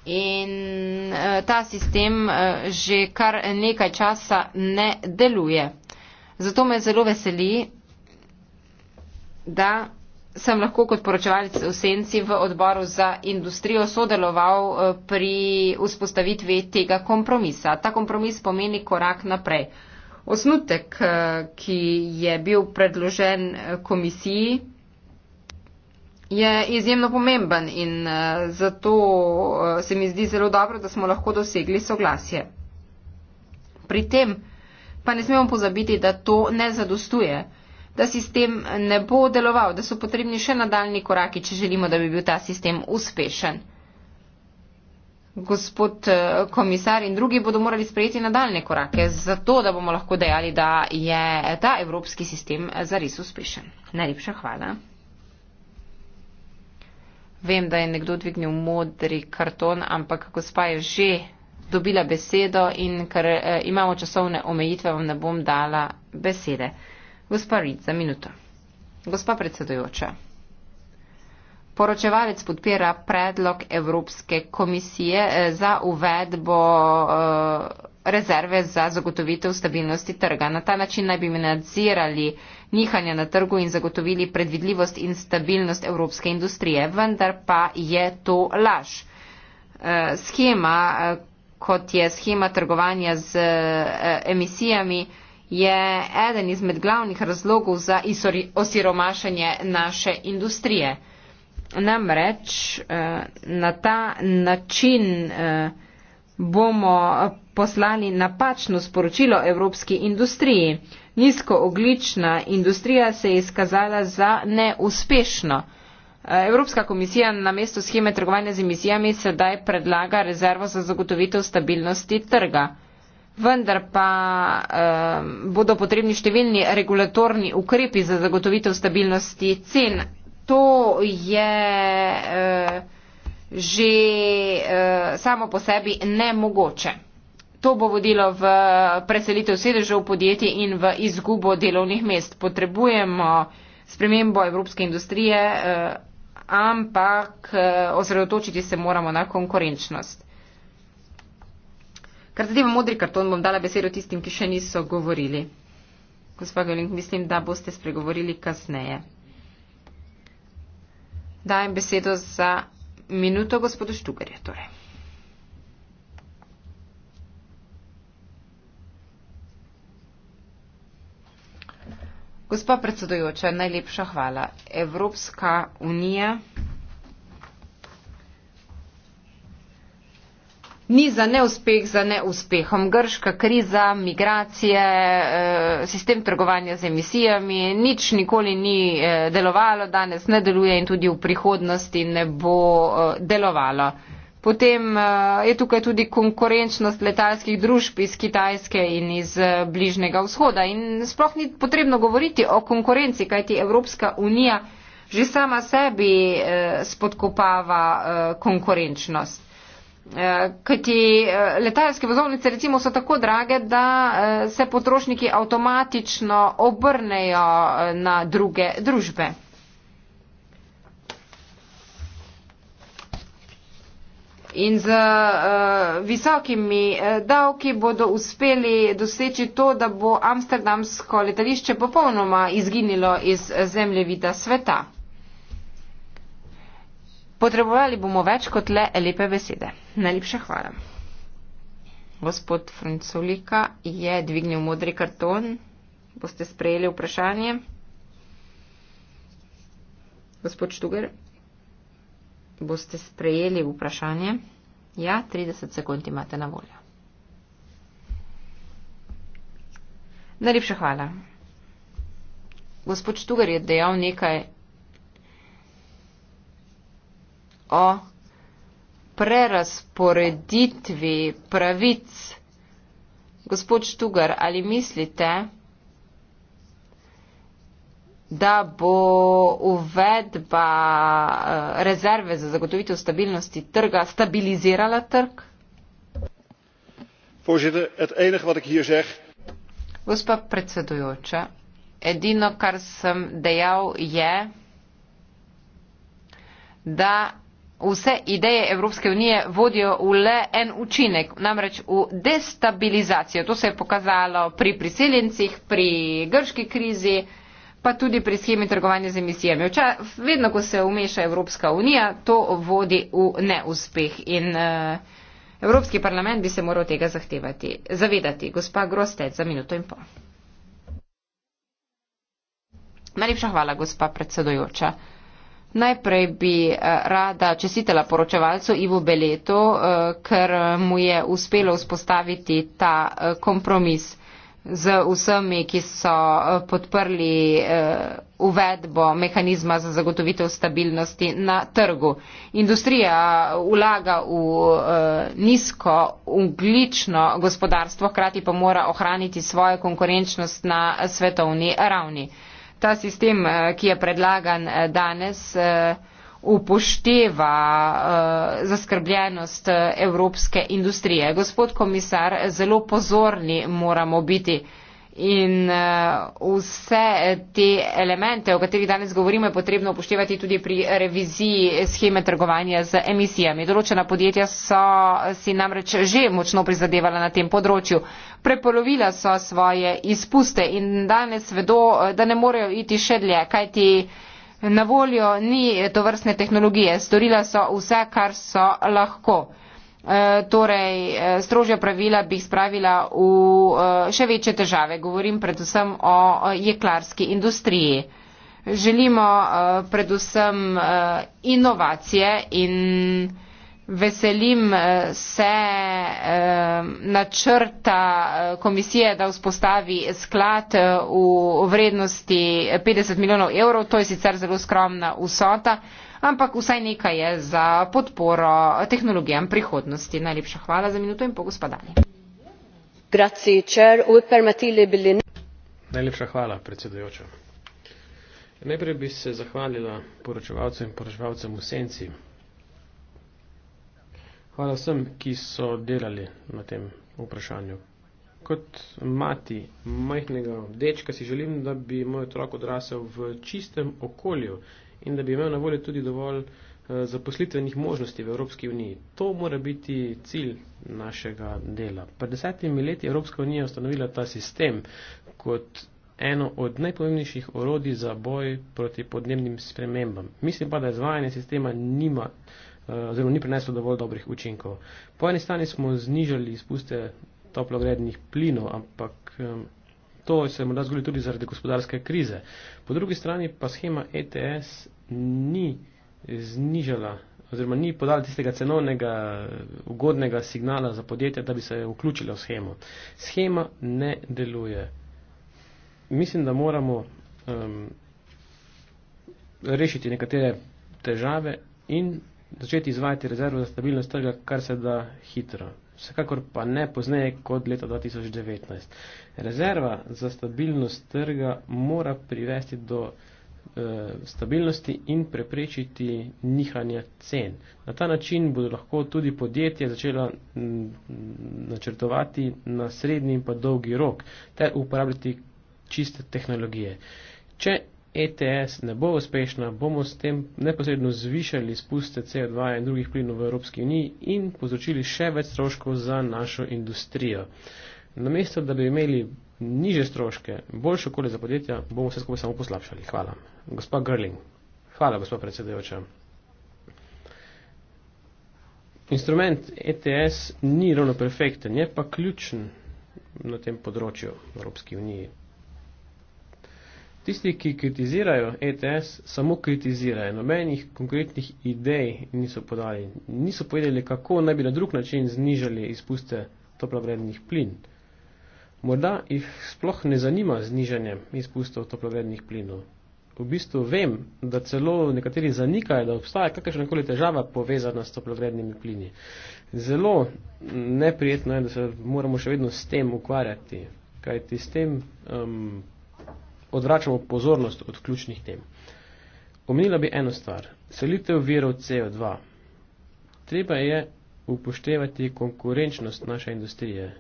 In eh, ta sistem eh, že kar nekaj časa ne deluje. Zato me zelo veseli, da sem lahko kot poročevalec v Senci v odboru za industrijo sodeloval eh, pri vzpostavitvi tega kompromisa. Ta kompromis pomeni korak naprej. Osnutek, eh, ki je bil predložen eh, komisiji, je izjemno pomemben in zato se mi zdi zelo dobro, da smo lahko dosegli soglasje. Pri tem pa ne smemo pozabiti, da to ne zadostuje da sistem ne bo deloval, da so potrebni še nadaljni koraki, če želimo, da bi bil ta sistem uspešen. Gospod eh, komisar in drugi bodo morali sprejeti nadaljne korake, zato da bomo lahko dejali, da je ta evropski sistem eh, zares uspešen. Najlepša hvala. Vem, da je nekdo dvignil modri karton, ampak gospa je že dobila besedo in ker eh, imamo časovne omejitve, vam ne bom dala besede. Gospa Reed, za minuto. Gospa predsedujoča. Poročevalec podpira predlog Evropske komisije eh, za uvedbo eh, rezerve za zagotovitev stabilnosti trga. Na ta način naj bi nadzirali nihanja na trgu in zagotovili predvidljivost in stabilnost evropske industrije. Vendar pa je to laž. Eh, schema, kot je schema trgovanja z emisijami, je eden izmed glavnih razlogov za osiromašanje naše industrije. Namreč eh, na ta način eh, bomo poslali napačno sporočilo evropski industriji. Nizkooglična industrija se je izkazala za neuspešno. Eh, Evropska komisija na mesto scheme trgovanja z emisijami sedaj predlaga rezervo za zagotovitev stabilnosti trga vendar pa eh, bodo potrebni številni regulatorni ukrepi za zagotovitev stabilnosti cen. To je eh, že eh, samo po sebi nemogoče. To bo vodilo v preselitev sedežev podjetij in v izgubo delovnih mest. Potrebujemo spremembo evropske industrije, eh, ampak eh, osredotočiti se moramo na konkurenčnost. Kar zadeva modri karton, bom dala besedo tistim, ki še niso govorili. Gospod Gelink, mislim, da boste spregovorili kasneje. Dajem besedo za minuto gospodu Štugarju. Torej. Gospod predsedujoča, najlepša hvala. Evropska unija. ni za neuspeh, za neuspehom. Grška kriza, migracije, eh, sistem trgovanja z emisijami, nič nikoli ni eh, delovalo, danes ne deluje in tudi v prihodnosti ne bo eh, delovalo. Potem je tukaj tudi konkurenčnost letalskih družb iz Kitajske in iz bližnjega vzhoda. In sploh ni potrebno govoriti o konkurenci, kajti Evropska unija že sama sebi spodkopava konkurenčnost kajti eh, letalske vozovnice recimo so tako drage, da eh, se potrošniki avtomatično obrnejo eh, na druge družbe. In z uh, visokimi uh, davki bodo uspeli doseči to, da bo amsterdamsko letališče popolnoma izginilo iz zemljevida sveta. Potrebovali bomo več kot le lepe besede. Najlepša hvala. Gospod Franculika je dvignil modri karton. Boste sprejeli vprašanje? Gospod Štuger, boste sprejeli vprašanje? Ja, 30 sekund imate na voljo. Najlepša hvala. Gospod Štuger je dejal nekaj o prerasporeditvi pravic. Gospod Štugar, ali mislite, da bo uvedba eh, rezerve za zagotovitev stabilnosti trga stabilizirala trg? Gospa predsedujoča, edino, kar sem dejal, je, da Vse ideje Evropske unije vodijo v le en učinek, namreč v destabilizacijo. To se je pokazalo pri priseljencih, pri grški krizi, pa tudi pri schemi trgovanja z emisijami. Vča, vedno, ko se umeša Evropska unija, to vodi v neuspeh in uh, Evropski parlament bi se moral tega zahtevati, zavedati. Gospa Grostec, za minuto in pol. Najlepša hvala, gospa predsedojoča. Najprej bi eh, rada čestitela poročevalcu Ivo Beleto, eh, ker mu je uspelo vzpostaviti ta eh, kompromis z vsemi, ki so podprli uvedbo mehanizma za zagotovitev stabilnosti na trgu. Industrija vlaga v nizko uglično gospodarstvo, hkrati pa mora ohraniti svojo konkurenčnost na svetovni ravni ta sistem, eh, ki je predlagan eh, danes, eh, upošteva zaskrbljenost evropske industrije. Gospod komisar, zelo pozorni moramo biti. In eh, vse te elemente, o katerih danes govorimo, je potrebno upoštevati tudi pri reviziji scheme trgovanja z emisijami. Določena podjetja so si namreč že močno prizadevala na tem področju. Prepolovila so svoje izpuste in danes vedo, eh, da ne morejo iti še dlje, kajti na voljo ni tovrstne tehnologije. Storila so vse, kar so lahko. Eh, torej eh, strožja pravila bi jih spravila v eh, še večje težave. Govorim predvsem o jeklarski industriji. Želimo predvsem inovacije in veselim se načrta komisije, da vzpostavi sklad v vrednosti 50 milijonov evrov. To je sicer zelo skromna vsota ampak vsaj nekaj je za podporo tehnologijam prihodnosti. Najlepša hvala za minuto in po gospodanji. Najlepša hvala, predsedujoča. Najprej bi se zahvalila poročevalcem in poročevalcem v senci. Hvala vsem, ki so delali na tem vprašanju. Kot mati majhnega dečka si želim, da bi moj otrok odrasel v čistem okolju in da bi imel na voljo tudi dovolj eh, zaposlitvenih možnosti v Evropski uniji. To mora biti cilj našega dela. Pred desetimi leti Evropska unija ustanovila ta sistem kot eno od najpomembnejših orodij za boj proti podnebnim spremembam. Mislim pa, da izvajanje sistema nima eh, oziroma ni prineslo dovolj dobrih učinkov. Po eni strani smo znižali izpuste toplogrednih plinov, ampak To se je morda zgodilo tudi zaradi gospodarske krize. Po drugi strani pa schema ETS ni znižala oziroma ni podala tistega cenovnega ugodnega signala za podjetja, da bi se vključila v schemo. Schema ne deluje. Mislim, da moramo um, rešiti nekatere težave in začeti izvajati rezervo za stabilnost trga, kar se da hitro vsekakor pa ne pozneje kot leta 2019. Rezerva za stabilnost trga mora privesti do eh, stabilnosti in preprečiti nihanja cen. Na ta način bodo lahko tudi podjetje začela načrtovati na srednji in pa dolgi rok ter uporabljati čiste tehnologije. Če ETS ne bo uspešna, bomo s tem neposredno zvišali spuste CO2 in drugih plinov v Evropski uniji in povzročili še več stroškov za našo industrijo. Namesto, da bi imeli niže stroške, boljše okolje za podjetja, bomo vse skupaj samo poslabšali. Hvala. Gospa Grling. Hvala, gospod predsedujoča. Instrument ETS ni ravno perfekten, je pa ključen na tem področju Evropski uniji. Tisti, ki kritizirajo ETS, samo kritizirajo, nobenih konkretnih idej niso podali, niso povedali, kako naj bi na drug način znižali izpuste toplogrednih plin. Morda jih sploh ne zanima znižanje izpustov toplogrednih plinov. V bistvu vem, da celo nekateri zanikajo, da obstaja kakršnakoli težava povezana s toplogrednimi plini. Zelo neprijetno je, da se moramo še vedno s tem ukvarjati, kajti s tem. Um, odvračamo pozornost od ključnih tem. Omenila bi eno stvar. Selitev virov CO2. Treba je upoštevati konkurenčnost naše industrije.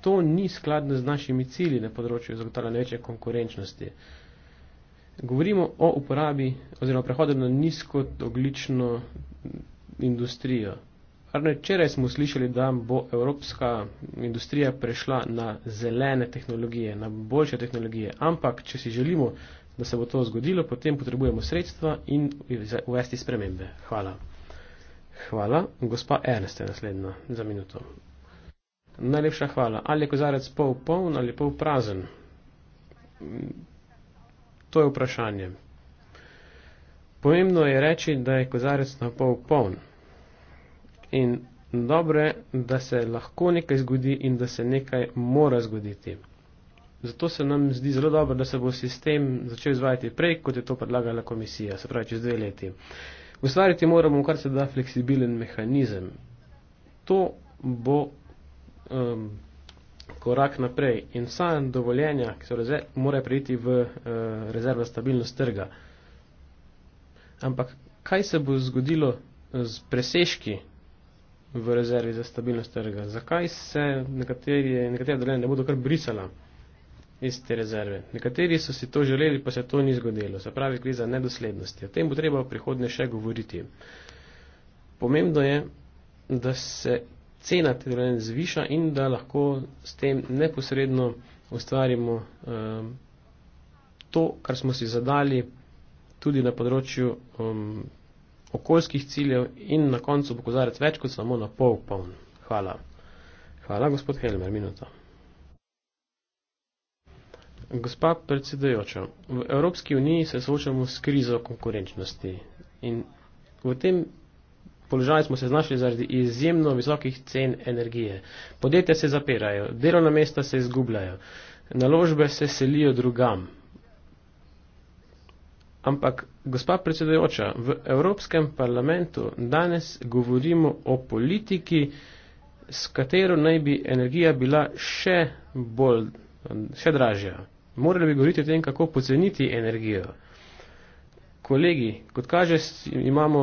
To ni skladno z našimi cilji na področju zagotavljanja večje konkurenčnosti. Govorimo o uporabi oziroma prehodu na nizkotoglično industrijo. Včeraj smo slišali, da bo evropska industrija prešla na zelene tehnologije, na boljše tehnologije. Ampak, če si želimo, da se bo to zgodilo, potem potrebujemo sredstva in uvesti spremembe. Hvala. Hvala. Gospa Ernst je naslednja za minuto. Najlepša hvala. Ali je kozarec pol poln ali pol prazen? To je vprašanje. Pomembno je reči, da je kozarec na pol poln in dobro je, da se lahko nekaj zgodi in da se nekaj mora zgoditi. Zato se nam zdi zelo dobro, da se bo sistem začel izvajati prej, kot je to predlagala komisija, se pravi čez dve leti. Ustvariti moramo kar se da fleksibilen mehanizem. To bo um, korak naprej in vsa dovoljenja, ki so rezerve, mora prijeti v uh, rezervo stabilnost trga. Ampak kaj se bo zgodilo z presežki v rezervi za stabilnost trga. Zakaj se nekateri, nekatera deljenja ne bodo kar brisala iz te rezerve? Nekateri so si to želeli, pa se to ni zgodilo. Se pravi, gre za nedoslednosti. O tem bo treba v prihodnje še govoriti. Pomembno je, da se cena te deljenja zviša in da lahko s tem neposredno ustvarimo um, to, kar smo si zadali tudi na področju um, okoljskih ciljev in na koncu bo kozarec več kot samo na pol poln. Hvala. Hvala, gospod Helmer, minuta. Gospa predsedajoča, v Evropski uniji se soočamo s krizo konkurenčnosti in v tem položaju smo se znašli zaradi izjemno visokih cen energije. Podjetja se zapirajo, delovna mesta se izgubljajo, naložbe se selijo drugam. Ampak, gospa predsedajoča, v Evropskem parlamentu danes govorimo o politiki, s katero naj bi energija bila še bolj, še dražja. Morali bi govoriti o tem, kako poceniti energijo. Kolegi, kot kaže, imamo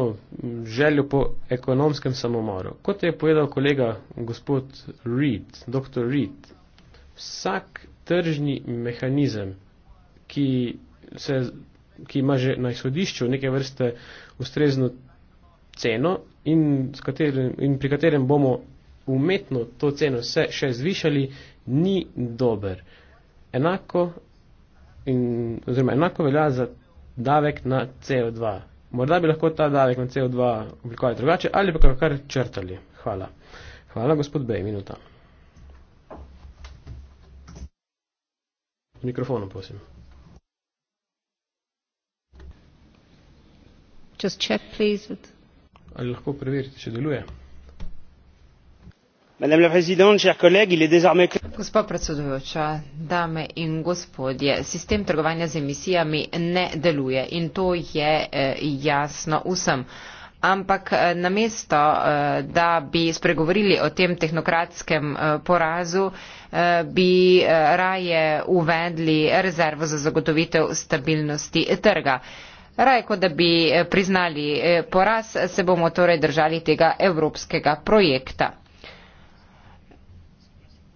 željo po ekonomskem samomoru. Kot je povedal kolega gospod Reed, dr. Reed, vsak tržni mehanizem, ki se ki ima že na izhodišču neke vrste ustrezno ceno in, katerim, in pri katerem bomo umetno to ceno se še zvišali, ni dober. Enako, in, oziroma, enako velja za davek na CO2. Morda bi lahko ta davek na CO2 oblikovali drugače ali pa kar črtali. Hvala. Hvala, gospod Bej, minuta. Mikrofonu, prosim. Just check, please. Ali lahko preverite, če deluje? Gospa predsedujoča, dame in gospodje, sistem trgovanja z emisijami ne deluje in to je eh, jasno vsem. Ampak eh, namesto, eh, da bi spregovorili o tem tehnokratskem porazu, bi raje uvedli rezervo za zagotovitev stabilnosti trga. Raj kot da bi eh, priznali eh, poraz, se bomo torej držali tega evropskega projekta.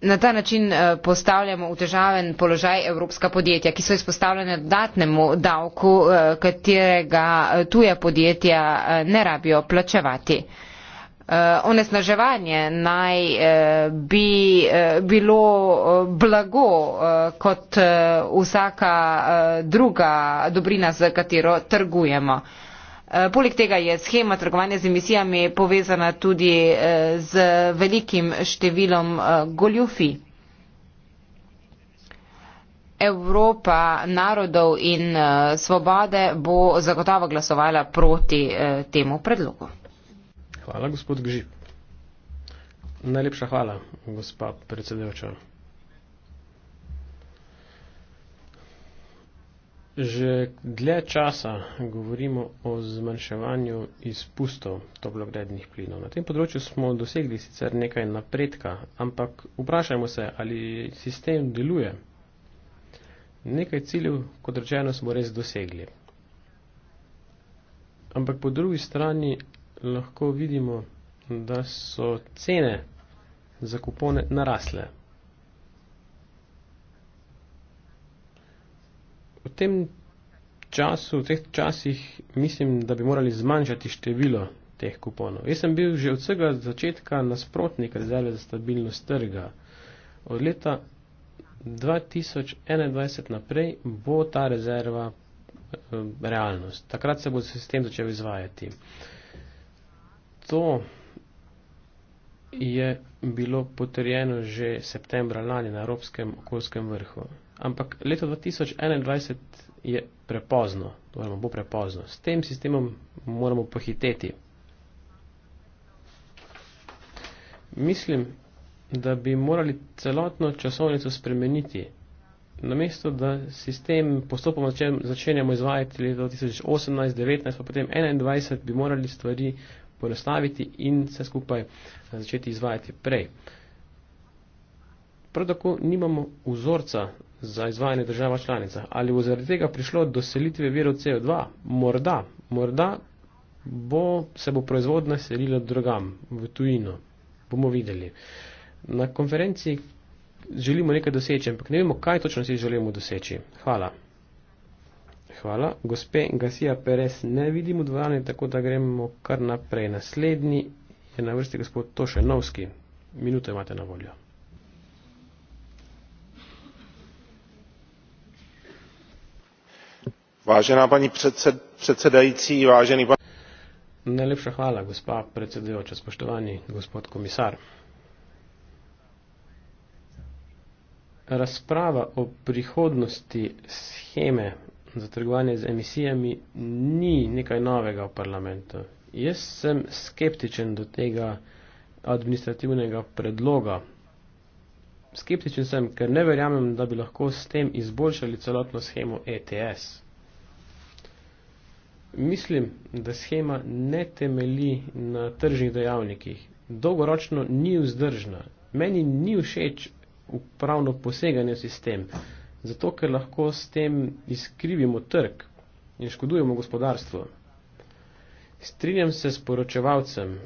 Na ta način eh, postavljamo v težaven položaj evropska podjetja, ki so izpostavljene dodatnemu davku, katerega tuje podjetja ne rabijo plačevati. Uh, onesnaževanje naj uh, bi uh, bilo blago uh, kot uh, vsaka uh, druga dobrina, z katero trgujemo. Uh, poleg tega je schema trgovanja z emisijami povezana tudi uh, z velikim številom uh, goljufi. Evropa narodov in uh, svobode bo zagotovo glasovala proti uh, temu predlogu. Hvala, gospod Gžip. Najlepša hvala, gospa predsedevča. Že dlje časa govorimo o zmanjševanju izpustov toplogrednih plinov. Na tem področju smo dosegli sicer nekaj napredka, ampak vprašajmo se, ali sistem deluje. Nekaj ciljev, kot rečeno, smo res dosegli. Ampak po drugi strani lahko vidimo, da so cene za kupone narasle. V tem času, v teh časih, mislim, da bi morali zmanjšati število teh kuponov. Jaz sem bil že od vsega začetka nasprotnik rezerve za stabilnost trga. Od leta 2021 naprej bo ta rezerva eh, realnost. Takrat se bo sistem začel izvajati. Uh, to je bilo potrjeno že septembra lani na Evropskem okoljskem vrhu. Ampak leto 2021 je prepozno, oziroma bo prepozno. S tem sistemom moramo pohiteti. Mislim, da bi morali celotno časovnico spremeniti. Namesto, da sistem postopoma začenjamo izvajati leto 2018, 2019, pa potem 2021, bi morali stvari ponastaviti in vse skupaj eh, začeti izvajati prej. Prav tako nimamo vzorca za izvajanje država članica. Ali bo zaradi tega prišlo do selitve virov CO2? Morda, morda bo, se bo proizvodna selila drugam, v tujino. Bomo videli. Na konferenci želimo nekaj doseči, ampak ne vemo, kaj točno si želimo doseči. Hvala. Hvala. Gospe Gasija Perez, ne vidim v dvorani, tako da gremo kar naprej. Naslednji je na vrsti gospod Tošenovski. Minuto imate na voljo. Važena pani predsed, predsedajci, važeni pani. Najlepša hvala, gospa predsedujoča, spoštovani gospod komisar. Razprava o prihodnosti scheme za trgovanje z emisijami ni nekaj novega v parlamentu. Jaz sem skeptičen do tega administrativnega predloga. Skeptičen sem, ker ne verjamem, da bi lahko s tem izboljšali celotno schemo ETS. Mislim, da schema ne temeli na tržnih dejavnikih. Dolgoročno ni vzdržna. Meni ni všeč upravno poseganje v sistem zato ker lahko s tem izkrivimo trg in škodujemo gospodarstvo. Strinjam se s poročevalcem,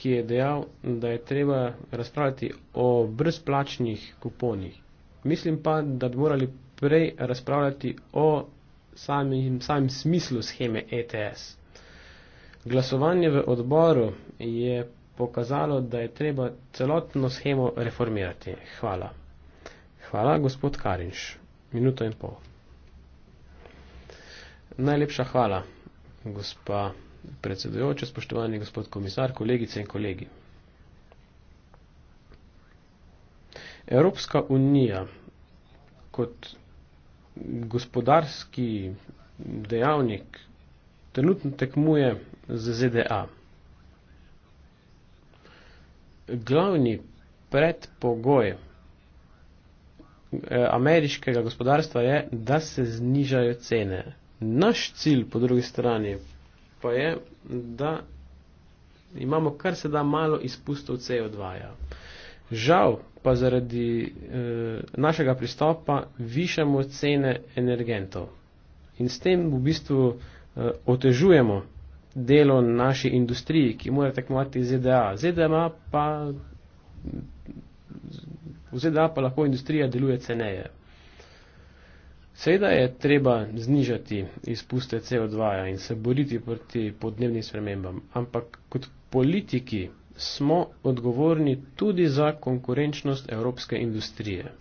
ki je dejal, da je treba razpravljati o brezplačnih kuponih. Mislim pa, da bi morali prej razpravljati o samim, samim smislu scheme ETS. Glasovanje v odboru je pokazalo, da je treba celotno schemo reformirati. Hvala. Hvala, gospod Karinš minuto in pol. Najlepša hvala, gospa predsedujoča, spoštovani gospod komisar, kolegice in kolegi. Evropska unija kot gospodarski dejavnik trenutno tekmuje z ZDA. Glavni predpogoj Eh, ameriškega gospodarstva je, da se znižajo cene. Naš cilj po drugi strani pa je, da imamo kar se da malo izpustov CO2. -ja. Žal pa zaradi e, našega pristopa višamo cene energentov in s tem v bistvu e, otežujemo delo naši industriji, ki mora tekmovati ZDA. ZDA pa V ZDA pa lahko industrija deluje ceneje. Seveda je treba znižati izpuste CO2 in se boriti proti podnebnim spremembam, ampak kot politiki smo odgovorni tudi za konkurenčnost evropske industrije.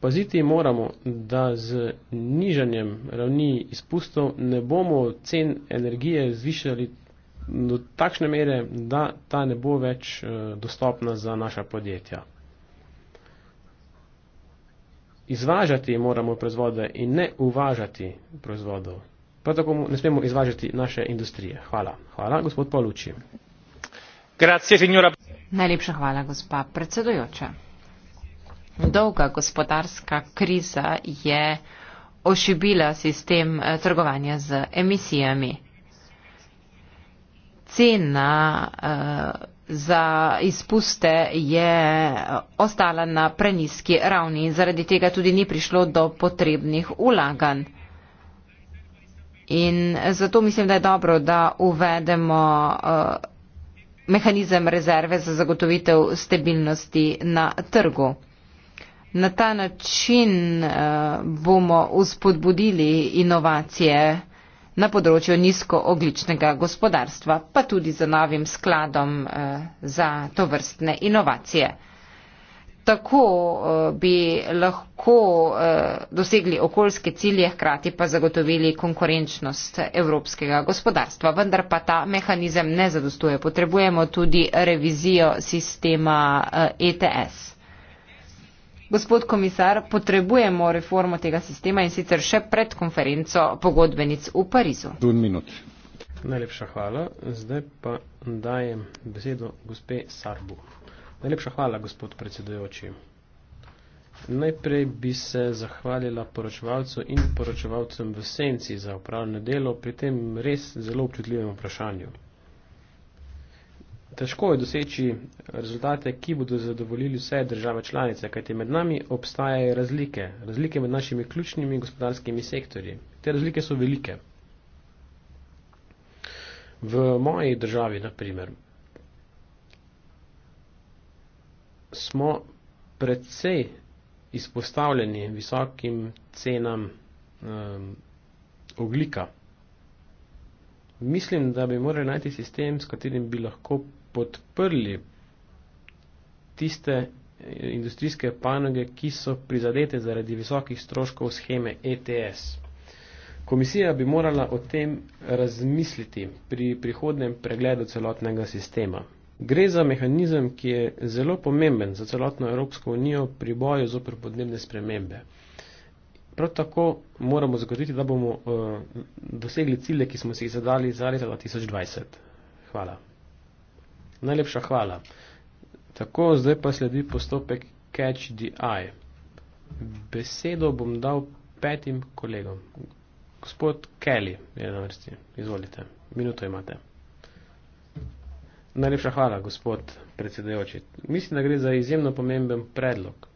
Paziti moramo, da z nižanjem ravni izpustov ne bomo cen energije zvišali do takšne mere, da ta ne bo več eh, dostopna za naša podjetja. Izvažati moramo proizvode in ne uvažati proizvodov. Prav tako ne smemo izvažati naše industrije. Hvala. Hvala, gospod Paluči. Grazie, Najlepša hvala, gospa predsedujoča. Dolga gospodarska kriza je ošibila sistem eh, trgovanja z emisijami cena eh, za izpuste je ostala na preniski ravni in zaradi tega tudi ni prišlo do potrebnih ulaganj. In zato mislim, da je dobro, da uvedemo eh, mehanizem rezerve za zagotovitev stabilnosti na trgu. Na ta način eh, bomo uspodbudili inovacije na področju nizkoogličnega gospodarstva, pa tudi za novim skladom eh, za to vrstne inovacije. Tako eh, bi lahko eh, dosegli okoljske cilje, hkrati pa zagotovili konkurenčnost evropskega gospodarstva. Vendar pa ta mehanizem ne zadostuje. Potrebujemo tudi revizijo sistema ETS. E Gospod komisar, potrebujemo reformo tega sistema in sicer še pred konferenco pogodbenic v Parizu. Najlepša hvala. Zdaj pa dajem besedo gospe Sarbu. Najlepša hvala, gospod predsedujoči. Najprej bi se zahvalila poročevalcu in poročevalcem v senci za upravljanje delo pri tem res zelo občutljivem vprašanju težko je doseči rezultate, ki bodo zadovoljili vse države članice, kajti med nami obstajajo razlike, razlike med našimi ključnimi gospodarskimi sektorji. Te razlike so velike. V moji državi, na primer, smo predvsej izpostavljeni visokim cenam um, ehm, oglika. Mislim, da bi morali najti sistem, s katerim bi lahko podprli tiste industrijske panoge, ki so prizadete zaradi visokih stroškov scheme ETS. Komisija bi morala o tem razmisliti pri prihodnem pregledu celotnega sistema. Gre za mehanizem, ki je zelo pomemben za celotno Evropsko unijo pri boju zopr podnebne spremembe. Prav tako moramo zagotoviti, da bomo uh, dosegli cilje, ki smo si jih zadali za leto 2020. Hvala. Najlepša hvala. Tako, zdaj pa sledi postopek catch the eye. Besedo bom dal petim kolegom. Gospod Kelly je na vrsti. Izvolite, minuto imate. Najlepša hvala, gospod predsedujoči. Mislim, da gre za izjemno pomemben predlog.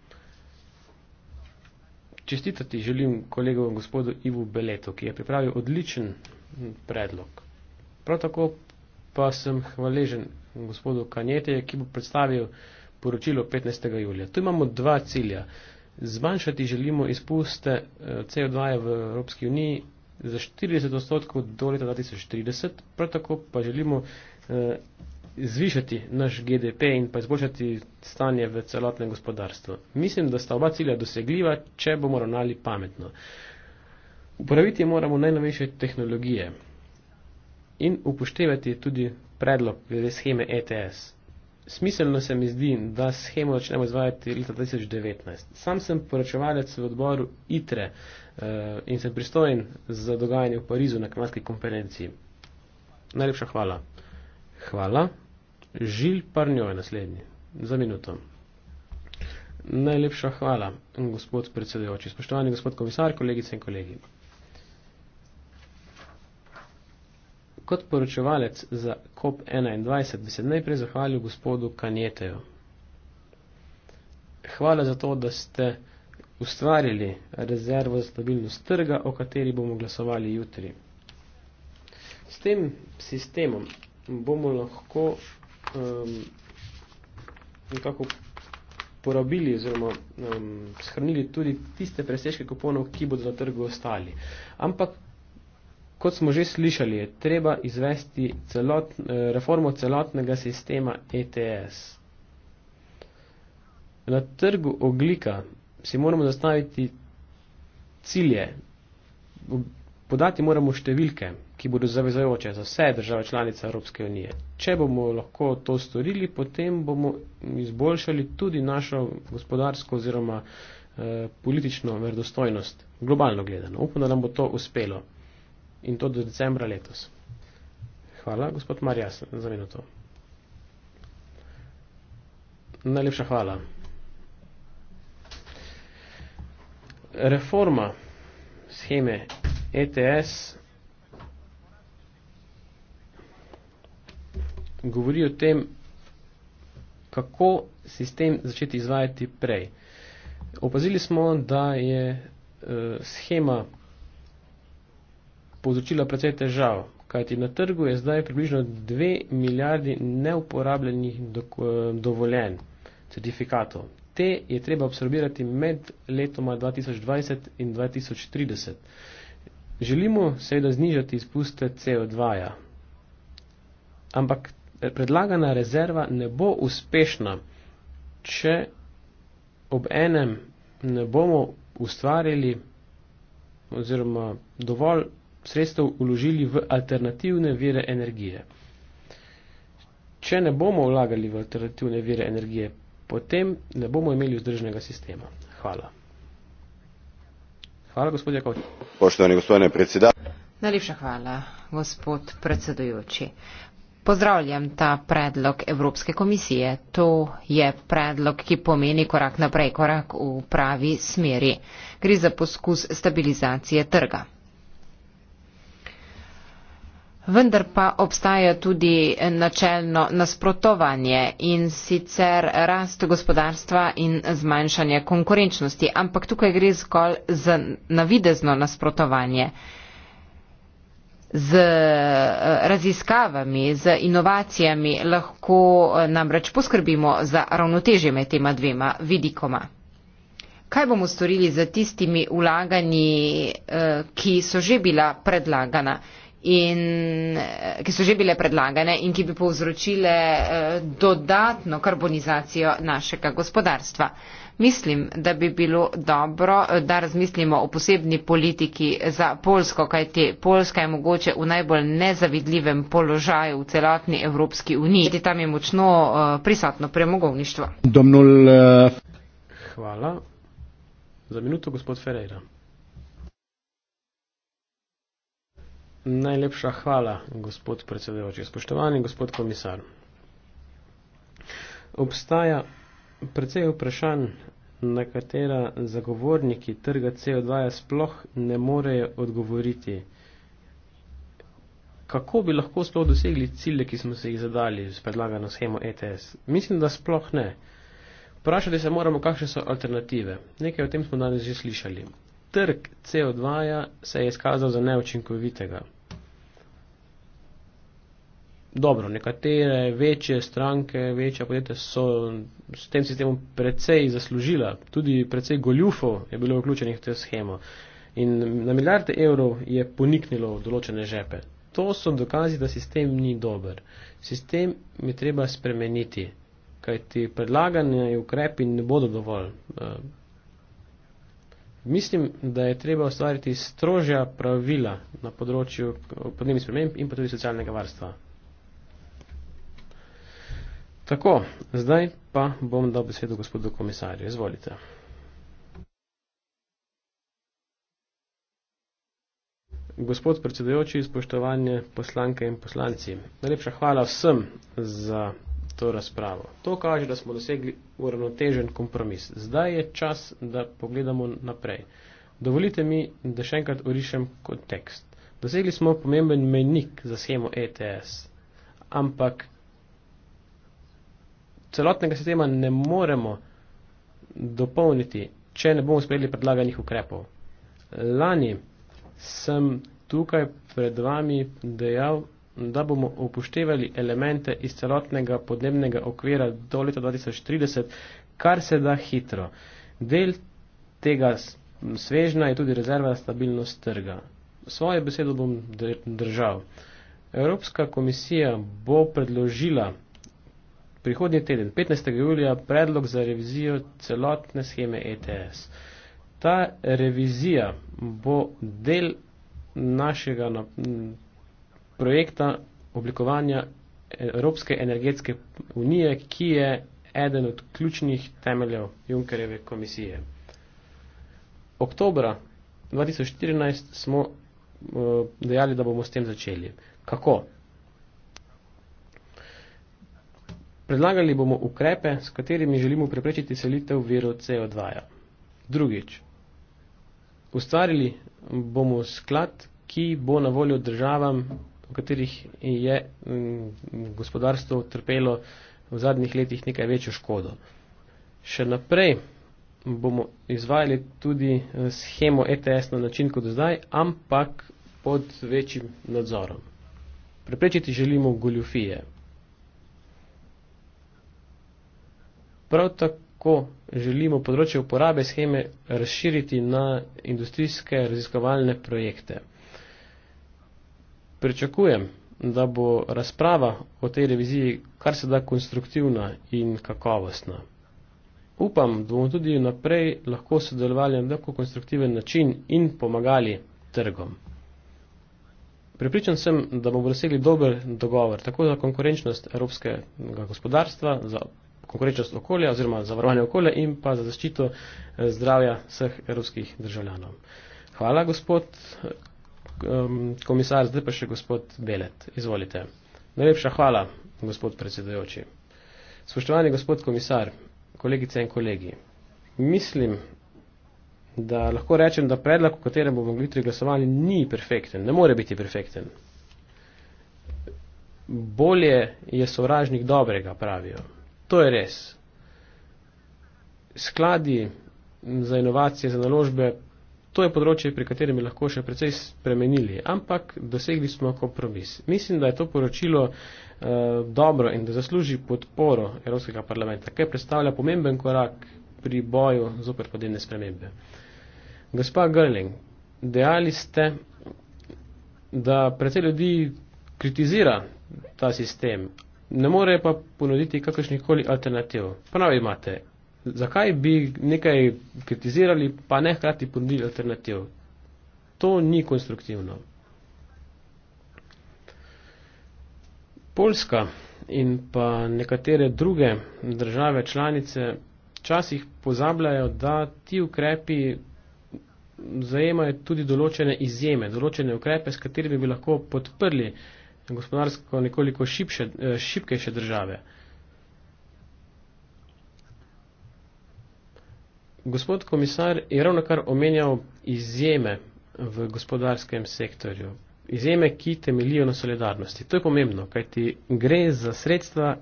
Čestitati želim kolegu gospodu Ivu Beletu, ki je pripravil odličen predlog. Prav tako pa sem hvaležen gospodu Kanjeteju, ki bo predstavil poročilo 15. julija. Tu imamo dva cilja. Zmanjšati želimo izpuste eh, CO2 v Evropski uniji za 40 odstotkov do leta 2030, prav tako pa želimo eh, zvišati naš GDP in pa izboljšati stanje v celotnem gospodarstvu. Mislim, da sta oba cilja dosegljiva, če bomo ravnali pametno. Uporabiti moramo najnovejše tehnologije in upoštevati tudi predlog glede scheme ETS. Smiselno se mi zdi, da schemo začnemo izvajati leta 2019. Sam sem poročevalec v odboru ITRE eh, in sem pristojen za dogajanje v Parizu na klimatski konferenciji. Najlepša hvala. Hvala. Žil Parnjo je naslednji. Za minuto. Najlepša hvala, gospod predsedujoči. Spoštovani gospod komisar, kolegice in kolegi. Kot poročevalec za COP21 bi se najprej zahvalil gospodu Kanjeteju. Hvala za to, da ste ustvarili rezervo za stabilnost trga, o kateri bomo glasovali jutri. S tem sistemom bomo lahko um, nekako porabili oziroma um, shranili tudi tiste presežke kuponov, ki bodo na trgu ostali. Ampak Kot smo že slišali, je treba izvesti celot, reformo celotnega sistema ETS. Na trgu oglika si moramo zastaviti cilje, podati moramo številke, ki bodo zavezojoče za vse države članice Evropske unije. Če bomo lahko to storili, potem bomo izboljšali tudi našo gospodarsko oziroma eh, politično verdostojnost, globalno gledano. Upam, da nam bo to uspelo in to do decembra letos. Hvala, gospod Marjas, za minuto. Najlepša hvala. Reforma scheme ETS govori o tem, kako sistem začeti izvajati prej. Opazili smo, da je uh, schema povzročila precej težav, kajti na trgu je zdaj približno 2 milijardi neuporabljenih dovoljenj, certifikatov. Te je treba absorbirati med letoma 2020 in 2030. Želimo seveda znižati izpuste CO2, -ja. ampak predlagana rezerva ne bo uspešna, če ob enem ne bomo ustvarili oziroma dovolj sredstev vložili v alternativne vire energije. Če ne bomo vlagali v alternativne vire energije, potem ne bomo imeli vzdržnega sistema. Hvala. Hvala, gospod Jakov. Poštovani gospodine predsedajoči. Najlepša hvala, gospod predsedajoči. Pozdravljam ta predlog Evropske komisije. To je predlog, ki pomeni korak naprej, korak v pravi smeri. Gre za poskus stabilizacije trga. Vendar pa obstaja tudi načelno nasprotovanje in sicer rast gospodarstva in zmanjšanje konkurenčnosti, ampak tukaj gre zgolj za navidezno nasprotovanje. Z eh, raziskavami, z inovacijami lahko eh, namreč poskrbimo za ravnotežje med tema dvema vidikoma. Kaj bomo storili za tistimi vlaganji, eh, ki so že bila predlagana? in eh, ki so že bile predlagane in ki bi povzročile eh, dodatno karbonizacijo našega gospodarstva. Mislim, da bi bilo dobro, eh, da razmislimo o posebni politiki za Polsko, kajti Polska je mogoče v najbolj nezavidljivem položaju v celotni Evropski uniji. Kajti tam je močno prisotno premogovništvo. Domnul. Hvala. Za minuto, gospod Ferreira. Najlepša hvala, gospod predsedevoči. Spoštovani gospod komisar. Obstaja precej vprašanj, na katera zagovorniki trga CO2 sploh ne morejo odgovoriti. Kako bi lahko sploh dosegli cilje, ki smo se jih zadali s predlagano schemo ETS? Mislim, da sploh ne. Vprašati se moramo, kakšne so alternative. Nekaj o tem smo danes že slišali. Trg CO2 se je izkazal za neučinkovitega dobro, nekatere večje stranke, večja podjetja so s tem sistemom precej zaslužila, tudi precej goljufov je bilo vključenih v to schemo. In na milijarde evrov je poniknilo v določene žepe. To so dokazi, da sistem ni dober. Sistem je treba spremeniti, kajti predlagane ukrepi ne bodo dovolj. Eh, mislim, da je treba ustvariti strožja pravila na področju podnebnih sprememb in pa tudi socialnega varstva. Tako, zdaj pa bom dal besedo gospodu komisarju. Izvolite. Gospod predsedujoči, spoštovanje poslanke in poslanci, najlepša hvala vsem za to razpravo. To kaže, da smo dosegli uravnotežen kompromis. Zdaj je čas, da pogledamo naprej. Dovolite mi, da še enkrat orišem kontekst. Dosegli smo pomemben menik za schemo ETS, ampak celotnega sistema ne moremo dopolniti, če ne bomo sprejeli predlaganih ukrepov. Lani sem tukaj pred vami dejal, da bomo upoštevali elemente iz celotnega podnebnega okvira do leta 2030, kar se da hitro. Del tega svežna je tudi rezerva za stabilnost trga. Svojo besedo bom držal. Evropska komisija bo predložila prihodnji teden, 15. julija, predlog za revizijo celotne scheme ETS. Ta revizija bo del našega na, projekta oblikovanja Evropske energetske unije, ki je eden od ključnih temeljev Junkereve komisije. Oktobra 2014 smo uh, dejali, da bomo s tem začeli. Kako? Predlagali bomo ukrepe, s katerimi želimo preprečiti selitev virov CO2. -ja. Drugič, ustvarili bomo sklad, ki bo na voljo državam, v katerih je mm, gospodarstvo trpelo v zadnjih letih nekaj večjo škodo. Še naprej bomo izvajali tudi eh, schemo ETS na način kot zdaj, ampak pod večjim nadzorom. Preprečiti želimo goljufije. Prav tako želimo področje uporabe scheme razširiti na industrijske raziskovalne projekte. Pričakujem, da bo razprava o tej reviziji kar se da konstruktivna in kakovostna. Upam, da bomo tudi naprej lahko sodelovali na tako konstruktiven način in pomagali trgom. Pripričan sem, da bomo dosegli dober dogovor tako za konkurenčnost evropskega gospodarstva, za konkurenčnost okolja oziroma zavarovanje okolja in pa za zaščito eh, zdravja vseh evropskih državljanov. Hvala, gospod komisar, zdaj pa še gospod Belet. Izvolite. Najlepša hvala, gospod predsedujoči. Spoštovani gospod komisar, kolegice in kolegi, mislim, da lahko rečem, da predlog, o katerem bomo jutri glasovali, ni perfekten, ne more biti perfekten. Bolje je sovražnik dobrega, pravijo. To je res. Skladi za inovacije, za naložbe, to je področje, pri katerem bi lahko še precej spremenili, ampak dosegli smo kompromis. Mislim, da je to poročilo eh, dobro in da zasluži podporo Evropskega parlamenta, kaj predstavlja pomemben korak pri boju zoper podnebne spremembe. Gospa Grling, dejali ste, da precej ljudi kritizira ta sistem, ne more pa ponuditi kakršnih koli alternativ. Ponovi imate, zakaj bi nekaj kritizirali, pa ne hkrati ponudili alternativ? To ni konstruktivno. Poljska in pa nekatere druge države članice včasih pozabljajo, da ti ukrepi zajemajo tudi določene izjeme, določene ukrepe, s katerimi bi lahko podprli gospodarsko nekoliko šipše, eh, šipkejše države. Gospod komisar je ravno kar omenjal izjeme v gospodarskem sektorju. Izjeme, ki temelijo na solidarnosti. To je pomembno, kajti gre za sredstva,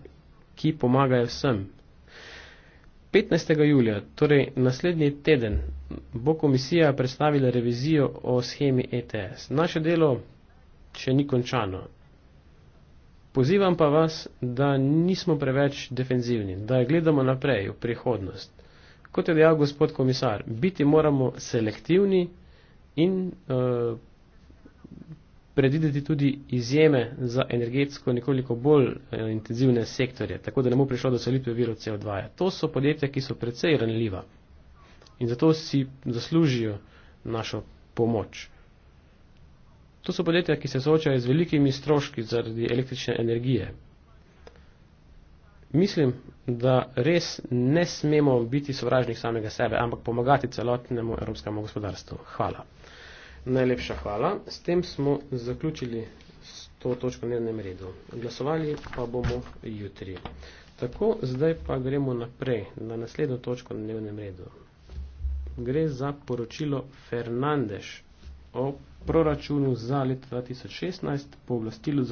ki pomagajo vsem. 15. julija, torej naslednji teden, bo komisija predstavila revizijo o schemi ETS. Naše delo še ni končano. Pozivam pa vas, da nismo preveč defenzivni, da gledamo naprej v prihodnost. Kot je dejal gospod komisar, biti moramo selektivni in uh, predvideti tudi izjeme za energetsko nekoliko bolj eh, intenzivne sektorje, tako da ne bo prišlo do selitve virov CO2. -ja. To so podjetja, ki so precej ranljiva in zato si zaslužijo našo pomoč. To so podjetja, ki se soočajo z velikimi stroški zaradi električne energije. Mislim, da res ne smemo biti sovražnih samega sebe, ampak pomagati celotnemu evropskemu gospodarstvu. Hvala. Najlepša hvala. S tem smo zaključili s to točko na enem redu. Glasovali pa bomo jutri. Tako, zdaj pa gremo naprej na naslednjo točko na dnevnem redu. Gre za poročilo Fernandez o proračunu za leto 2016, pooblastilu za